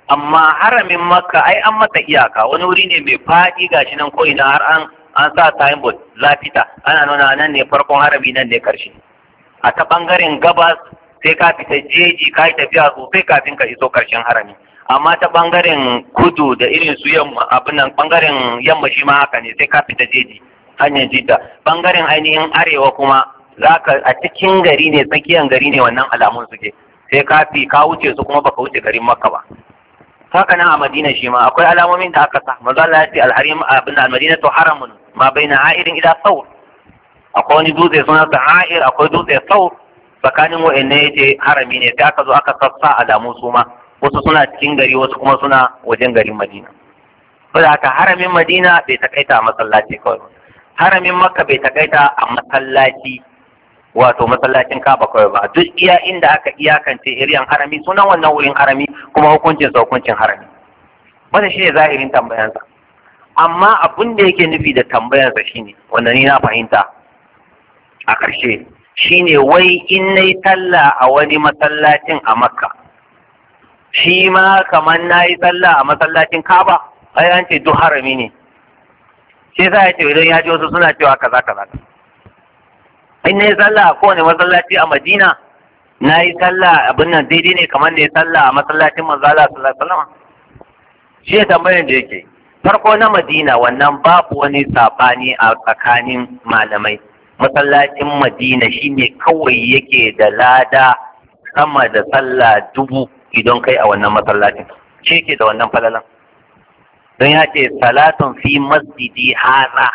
amma haramin makka ai an mata iyaka wani wuri ne mai faɗi gashi nan ko ina har an an sa signboard lafita ana nuna nan ne farkon harami nan ne karshe a ta bangaren gabas sai ka fita jeji ka yi tafiya sosai kafin ka iso karshen harami amma ta bangaren kudu da irin su yamma abin nan bangaren yamma shi ma haka ne sai ka fita jeji hanyar jidda bangaren ainihin arewa kuma zaka a cikin gari ne tsakiyar gari ne wannan alamun suke sai ka fi ka wuce su kuma baka wuce garin makka ba haka nan a madina shi ma akwai alamomin da aka sa maza Allah ya ce alharim abin almadina to haramun ma baina ha'irin ila sau. akwai wani dutse suna sa ha'ir akwai dutse saur tsakanin wa'annan yace harami ne sai aka zo aka sassa alamu su ma wasu suna cikin gari wasu kuma suna wajen garin madina saboda haka haramin madina bai takaita a masallaci kawai haramin makka bai takaita a masallaci wato masallacin kaba kawai ba duk iya inda aka iyakance iriyan harami sunan wannan wurin harami kuma hukuncin sa hukuncin harami shi ne zahirin tambayansa amma abin da yake nufi da tambayansa shine wanda ni na fahimta a ƙarshe shine wai in nayi talla a wani masallacin a makka shi ma kamar na yi tsalla a masallacin kaba ai an ce duk harami ne shi yasa ya ce idan ya ji wasu suna cewa kaza kaza in na yi tsalla a kowane masallaci a madina na yi tsalla abin nan daidai ne kamar na yi tsalla a masallacin manzala sallallahu alaihi wasallam shi ya tambayar da yake farko na madina wannan babu wani sabani a tsakanin malamai masallacin madina shine kawai yake da lada sama da sallah dubu idan kai a wannan masallacin shi ke da wannan falalan don ya ce salatun fi masjidi haza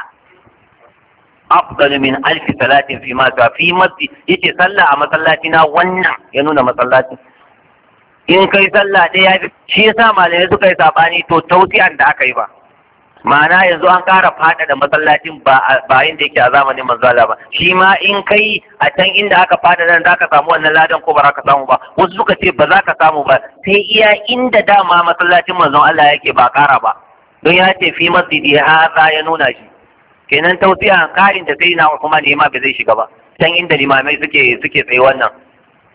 afdalu min alfi salatin fi ma fi masjid yace sallah a masallaci na wannan ya nuna masallacin in kai sallah dai ya fi shi yasa malamai suka yi sabani to tausiyan da aka yi ba ma'ana yanzu an ƙara fada da masallacin ba a inda yake a zamanin manzala ba shi ma in kai a can inda aka faɗa nan zaka samu wannan ladan ko ba za ka samu ba wasu suka ce ba za ka samu ba sai iya inda dama masallacin manzon Allah yake ba ƙara ba don ya ce fi masjidi haza ya nuna shi kenan tausiya karin da sai na kuma ne ma ba zai shiga ba can inda limamai suke suke tsaye wannan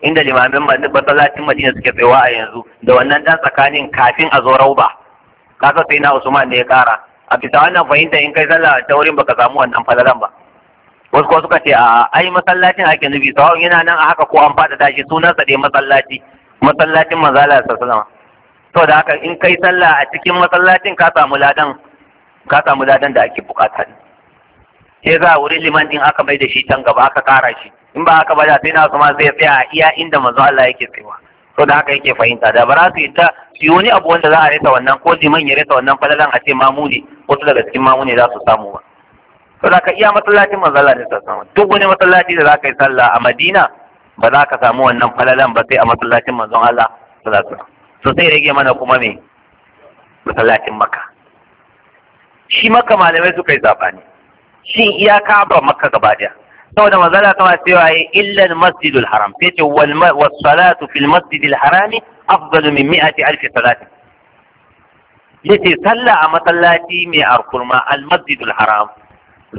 inda limamin masallacin Madina suke tsayawa a yanzu da wannan dan tsakanin kafin a zo rauba Kaka sai na Usman ne ya ƙara a bisa wannan fahimta in kai sallah ta wurin baka samu wannan fadalan ba wasu kuma suka ce a ai masallacin ake nufi tsawon yana nan a haka ko an faɗa tashi sunansa dai masallaci masallacin manzala sallama to da haka in kai sallah a cikin masallacin ka samu ladan ka samu ladan da ake bukata ne sai za wurin liman din aka mai da shi can gaba aka kara shi in ba aka bada sai na su ma zai tsaya iya inda manzo Allah yake tsayawa to da haka yake fahimta da ba za su yi ta su wani abu wanda za a rasa wannan ko liman ya rasa wannan falalan a ce mamuni wasu daga cikin mamuni za su samu ba to da ka iya masallacin manzala ne samu duk wani masallaci da za ka yi sallah a madina ba za ka samu wannan falalan ba sai a masallacin manzon Allah sallallahu alaihi wasallam so sai rage mana kuma me masallacin makka shi makka malamai suka yi ne shin iyaka ba makka gaba daya saboda manzala kama cewa yi illan masjidul haram sai ce wal salatu fil masjidil harami afdalu min mi'ati alfi salati yace sallah a masallaci mai arkurma al masjidul haram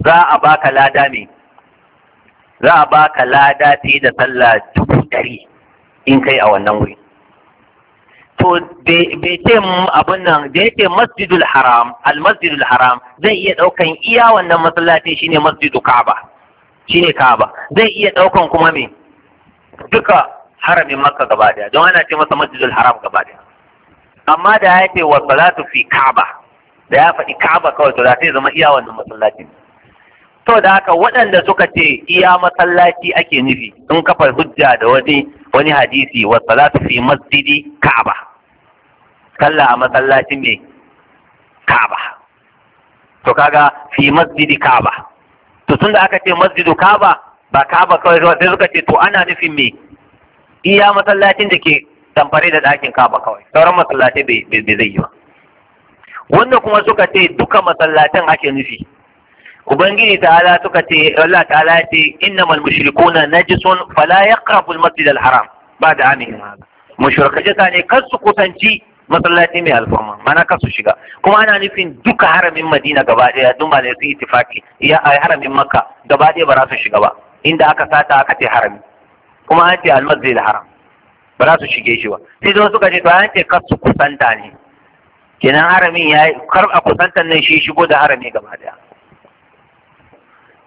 za a baka lada ne za a baka lada fiye da sallah dubu dari in kai a wannan wuri to bai ce abin nan da yake masjidul haram al masjidul haram zai iya ɗaukan iya wannan masallacin shine masjidu ka'aba shine Ka'aba zai iya daukan kuma me duka haramin Makka gaba daya don ana ce masa Masjidul Haram gaba daya amma da ya ce wa salatu fi Ka'aba da ya faɗi Ka'aba kawai to za ta zama iya wannan masallacin to da haka waɗanda suka ce iya masallaci ake nufi in kafa hujja da wani wani hadisi wa salatu fi masjidi Ka'aba sallah a masallacin me Ka'aba to kaga fi masjidi Ka'aba to da aka ce masjidu kaba ba kaba kawai zuwa sai suka ce to ana nufin me iya masallacin da ke tamfare da ɗakin kaba kawai sauran masallatai bai zai yi ba wanda kuma suka ce duka masallatan ake nufi ubangiji ala suka ce Allah ta'ala ya ce innamal mushrikuna najisun fala yaqrabu al-masjid al-haram ba da amin mushrikai ne kar su kusanci masallaci mai alfarma mana kasu shiga kuma ana nufin duka haramin madina gaba daya dun ba da su itifaki ya haramin makka gaba daya ba za su shiga ba inda aka sata aka ce harami kuma an ce da haram ba za su shige shi ba sai da suka ce to an ce kasu kusanta ne kenan haramin ya yi. kar a kusantan nan shi shigo da harami gaba daya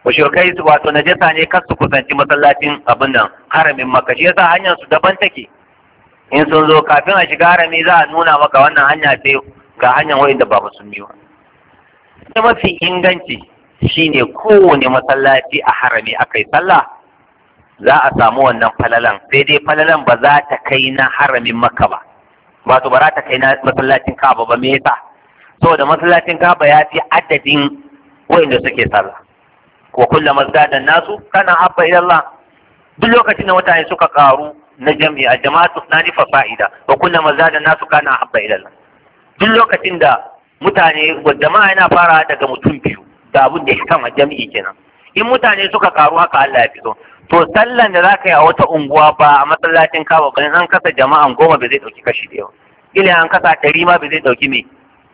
mushrikai wato najasa ne kasu kusanci masallacin abin nan haramin makka shi yasa hanyar su daban take in sun zo kafin a shiga harami za a nuna maka wannan hanya ce ga hanyar da ba sun biyu Wani mafi inganci shine kowane masallaci a harami akai sallah za a samu wannan falalan sai dai falalan ba za ta kai na haramin maka ba wato ba za ta kai na masallacin kaba ba me yasa saboda masallacin kaba ya fi adadin wa'inda suke sallah wa masu zadan nasu kana abba ilallah duk lokacin da mutane suka karu na jam'i a su na nufa fa'ida wa kullama zada su kana habba ila Allah duk lokacin da mutane wa jama'a yana fara daga mutum biyu da abin da ya kama jam'i kenan in mutane suka karu haka Allah ya fito to sallan da zaka yi a wata unguwa ba a masallacin kawo kan an kasa jama'an goma ba zai dauki kashi da yawa ila an kasa ɗari ma ba zai dauki me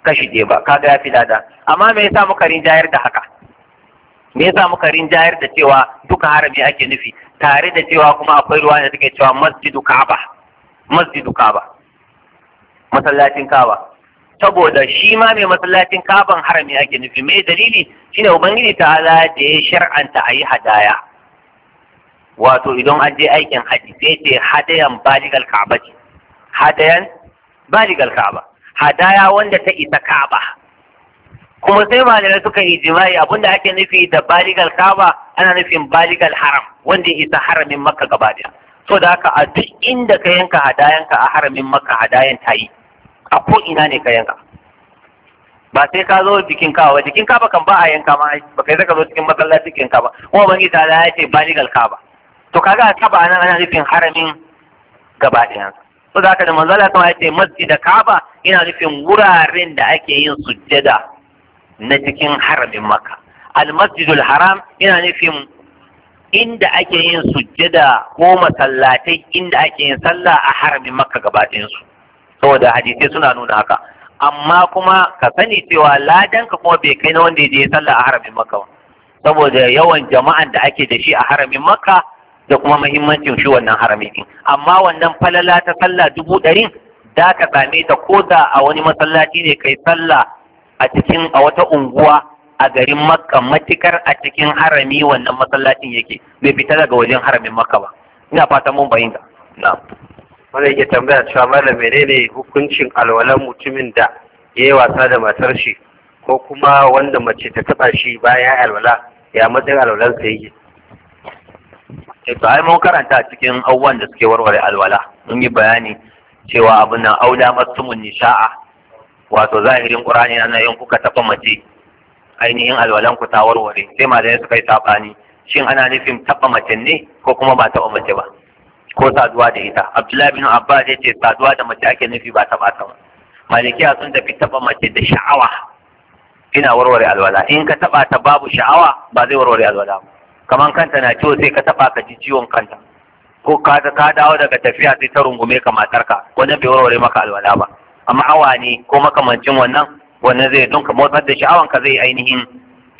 kashi da ba kaga ya fi lada amma me yasa muka rinjayar da haka me yasa muka rinjayar da cewa duka harami ake nufi tare da cewa kuma akwai ruwa da suke cewa masjidu ka'aba masjidu ka'aba masallacin ka'aba saboda shi ma mai masallacin kaban harami ake nufi mai dalili shine ubangiji ala da ya shar'anta yi hadaya wato idan an je aikin haji sai ce hadayan baligal ka'aba ce hadayan baligal ka'aba hadaya wanda ta isa ka'aba kuma sai malamai suka yi jima'i. abinda ake nufi da baligal kaba ana nufin baligal haram wanda isa haramin makka gaba daya so da haka a duk inda ka yanka hadayanka a haramin makka hadayan ta yi a ko ina ne ka yanka ba sai ka zo jikin ba, jikin kaba kan ba a yanka ma ba kai zaka zo cikin masallaci jikin kaba kuma ban yi ta ya ce baligal kaba to kaga kaba nan ana nufin haramin gaba daya so da haka da manzala kuma ya ce masjida da kaba ina nufin wuraren da ake yin sujjada na cikin haramin maka almasjidul haram yana nufin inda ake yin sujjada ko masallatai inda ake yin sallah a haramin makka gabatinsu saboda hadisai suna nuna haka amma kuma ka sani cewa ladanka kuma bai kai na wanda ya je sallah a haramin makka saboda yawan jama'an da ake da shi a haramin makka da kuma mahimmancin shi wannan harami din amma wannan falala ta sallah dubu ɗarin da ka same ta ko da a wani masallaci ne kai sallah a cikin a wata unguwa a garin makka matikar a cikin harami wannan masallacin yake bai fita daga wajen haramin makka ba ina fata mun bayyana na wannan yake tambaya cewa malam menene hukuncin alwalan mutumin da ya yi wasa da matar shi ko kuma wanda mace ta taba shi bayan alwala ya matsayin alwalan sa yake eh, to ai mun karanta a cikin abubuwan da suke warware alwala mun yi bayani cewa abin nan aula masumun nisha'a wato zahirin ƙurani ana yin kuka taɓa mace ainihin alwalan ku ta warware sai malamai suka yi saɓani shin ana nufin taɓa mace ne ko kuma ba taɓa mace ba ko saduwa da ita abdullahi bin abbas ya ce saduwa da mace ake nufi ba taɓa ta ba malikiya sun tafi taɓa mace da sha'awa ina warware alwala in ka taɓa ta babu sha'awa ba zai warware alwala ba Kamar kanta na ciwo sai ka taɓa ka ji ciwon kanta ko ka ka dawo daga tafiya sai ta rungume ka matarka wannan bai warware maka alwala ba ma'awa ne ko makamancin wannan wannan zai dunka motsar da ka zai ainihin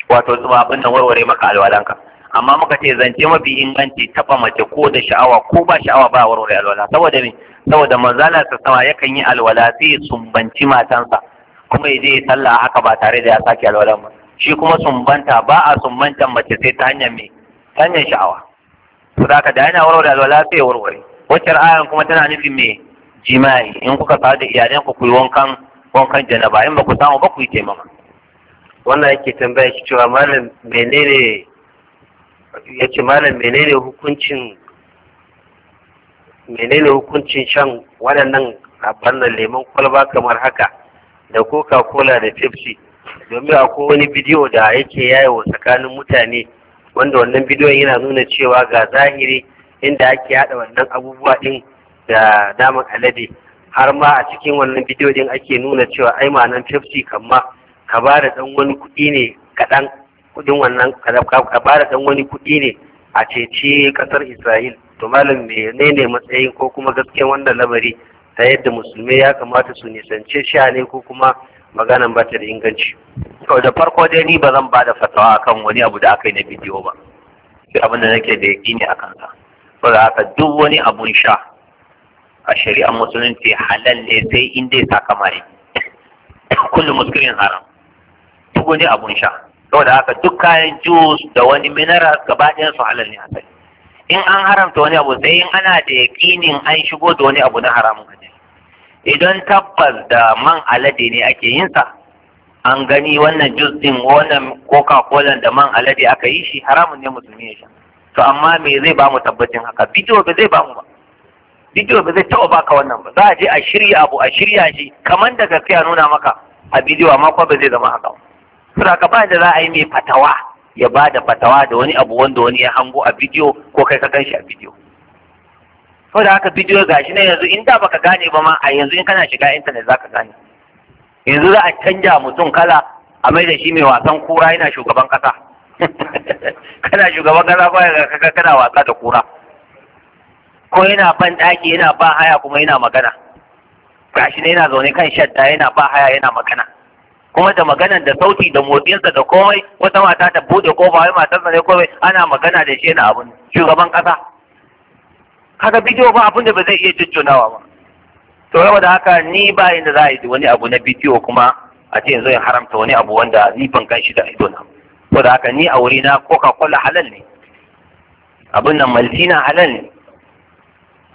wato zuba abin nan warware maka alwalanka amma muka ce zance mafi inganci taɓa mace ko da sha'awa ko ba sha'awa ba warware alwala saboda me saboda manzala ta sama yakan yi alwala sai sumbanci matansa kuma ya je sallah haka ba tare da ya sake alwalan ba shi kuma sumbanta ba a sumbanta mace sai ta hanyar me ta hanyar sha'awa saboda haka da yana warware alwala sai warware wacce ra'ayan kuma tana nufin me jima'i in kuka sadu da iyalan ku yi wankan wankan janaba in ba ku samu ba ku yi taimaka. wannan yake tambaya shi cewa malam menene yace malam menene hukuncin menene hukuncin shan waɗannan abannan lemon kwalba kamar haka da coca cola da pepsi domin akwai wani bidiyo da yake wa tsakanin mutane wanda wannan bidiyon yana nuna cewa ga zahiri inda ake haɗa wannan abubuwa ɗin da naman alade har ma a cikin wannan bidiyo din ake nuna cewa ai ma'anan Pepsi kan ma ka ba da dan wani kuɗi ne kaɗan kuɗin wannan ka ba da dan wani kuɗi ne a ceci ƙasar Isra'il to malam menene matsayin ko kuma gaskiya wannan lamari ta yadda musulmai ya kamata su nisance sha ne ko kuma maganan ba ta da inganci. To da farko dai ni ba zan ba da fatawa akan wani abu da aka yi na bidiyo ba. abin da nake da ne a kansa. Saboda haka duk wani abun sha a shari'ar musulunci halal ne sai in dai sa kullum muskirin haram duk wani abun sha saboda haka duk kayan juice da wani mineral gaba ɗayan su halal ne asali in an haramta wani abu sai in ana da yaƙinin an shigo da wani abu na haramun kaje idan tabbas da man alade ne ake yin sa an gani wannan jus din wannan coca cola da man alade aka yi shi haramun ne musulmi ya sha to amma me zai bamu mu tabbacin haka bidiyo ba zai ba ba bidiyo ba zai taɓa baka wannan ba za a je a shirya abu a shirya shi kamar da gaskiya nuna maka a bidiyo amma kuma ba zai zama haka ba ka ba da za a yi mai fatawa ya ba da fatawa da wani abu wanda wani ya hango a bidiyo ko kai ka gan shi a bidiyo da haka bidiyo shi ne yanzu in da baka gane ba ma a yanzu in kana shiga intanet za ka gane yanzu za a canja mutum kala a mai da shi mai wasan kura yana shugaban kasa [LAUGHS] kana shugaban ƙasa ba kana wasa da kura ko yana ban ɗaki yana ba haya kuma yana magana gashi ne yana zaune kan shadda yana ba haya yana magana kuma da maganan da sauti da motsinsa da komai wata mata ta bude ba wai matarsa ne komai ana magana da shi yana abun shugaban kasa kaga bidiyo ba abun da ba zai iya jujjunawa ba to yau da haka ni ba inda za a yi wani abu na bidiyo kuma a ce yanzu in haramta wani abu wanda ni ban kan shi da ido na to da haka ni a wuri na coca cola halal ne abun nan maltina halal ne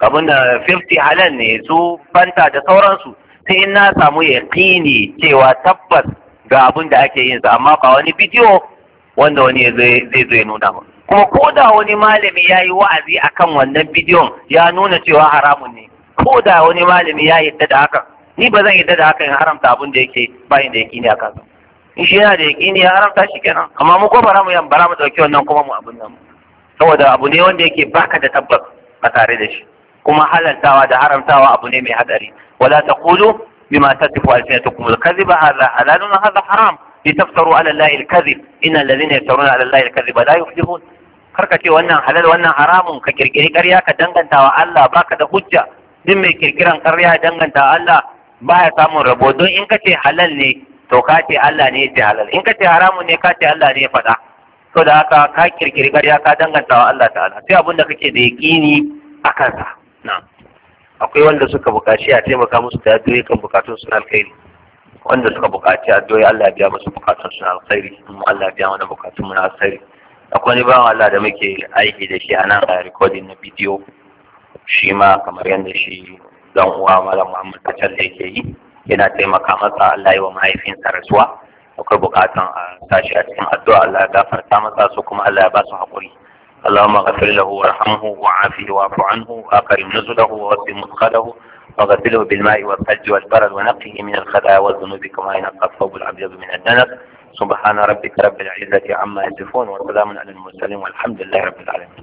abin da fifty, halal ne su fanta da sauransu sai in na samu yaƙini cewa tabbas ga abin da ake yin sa amma ba wani bidiyo wanda wani zai zai nuna ba kuma ko da wani malami ya yi wa'azi akan wannan bidiyon ya nuna cewa haramun ne ko da wani malami ya yadda da hakan ni ba zan yadda da hakan haramta abin da yake bayan da yaƙini a sa in shi yana da ne ya haramta shi kenan amma mu ko bara mu yan bara mu ɗauki wannan kuma mu abin nan saboda abu ne wanda yake baka da tabbas a tare da shi kuma halaltawa da haramtawa abu ne mai hadari wala taqulu bima tasifu alsinatukum alkadhiba hadha halalun hadha haram litaftaru ala allahi alkadhib inna alladhina yaftaruna ala allahi alkadhiba la yuflihun karka ce wannan halal wannan haramun ka kirkiri ƙarya ka danganta wa Allah baka da hujja duk mai kirkiran ƙarya danganta wa Allah baya samun rabo don in ka ce halal ne to ka ce Allah ne ya ce halal in ka ce haramun ne ka ce Allah ne ya faɗa to da haka ka kirkiri ƙarya ka danganta wa Allah ta'ala sai abin da kake da yaƙini a kansa na akwai wanda suka buƙaci a taimaka musu da addu'o'i kan bukatun suna alkhairi wanda suka buƙaci addu'o'i Allah ya biya musu bukatun suna alkhairi kuma Allah ya biya mana bukatun muna alkhairi akwai wani bawan Allah da muke aiki da shi a nan a recording na bidiyo shi ma kamar yadda shi dan uwa malam Muhammad Kacal da yake yi yana taimaka masa Allah ya wa mahaifinsa rasuwa akwai bukatun a tashi a cikin addu'a Allah ya gafarta masa su kuma Allah ya ba su haƙuri اللهم اغفر له وارحمه وعافه واعف عنه واكرم نزله ووسع مدخله وغسله بالماء والثلج والبرد ونقه من الخلاء والذنوب كما ينقى الثوب الابيض من الدنس سبحان ربك رب العزه عما يصفون وسلام على المرسلين والحمد لله رب العالمين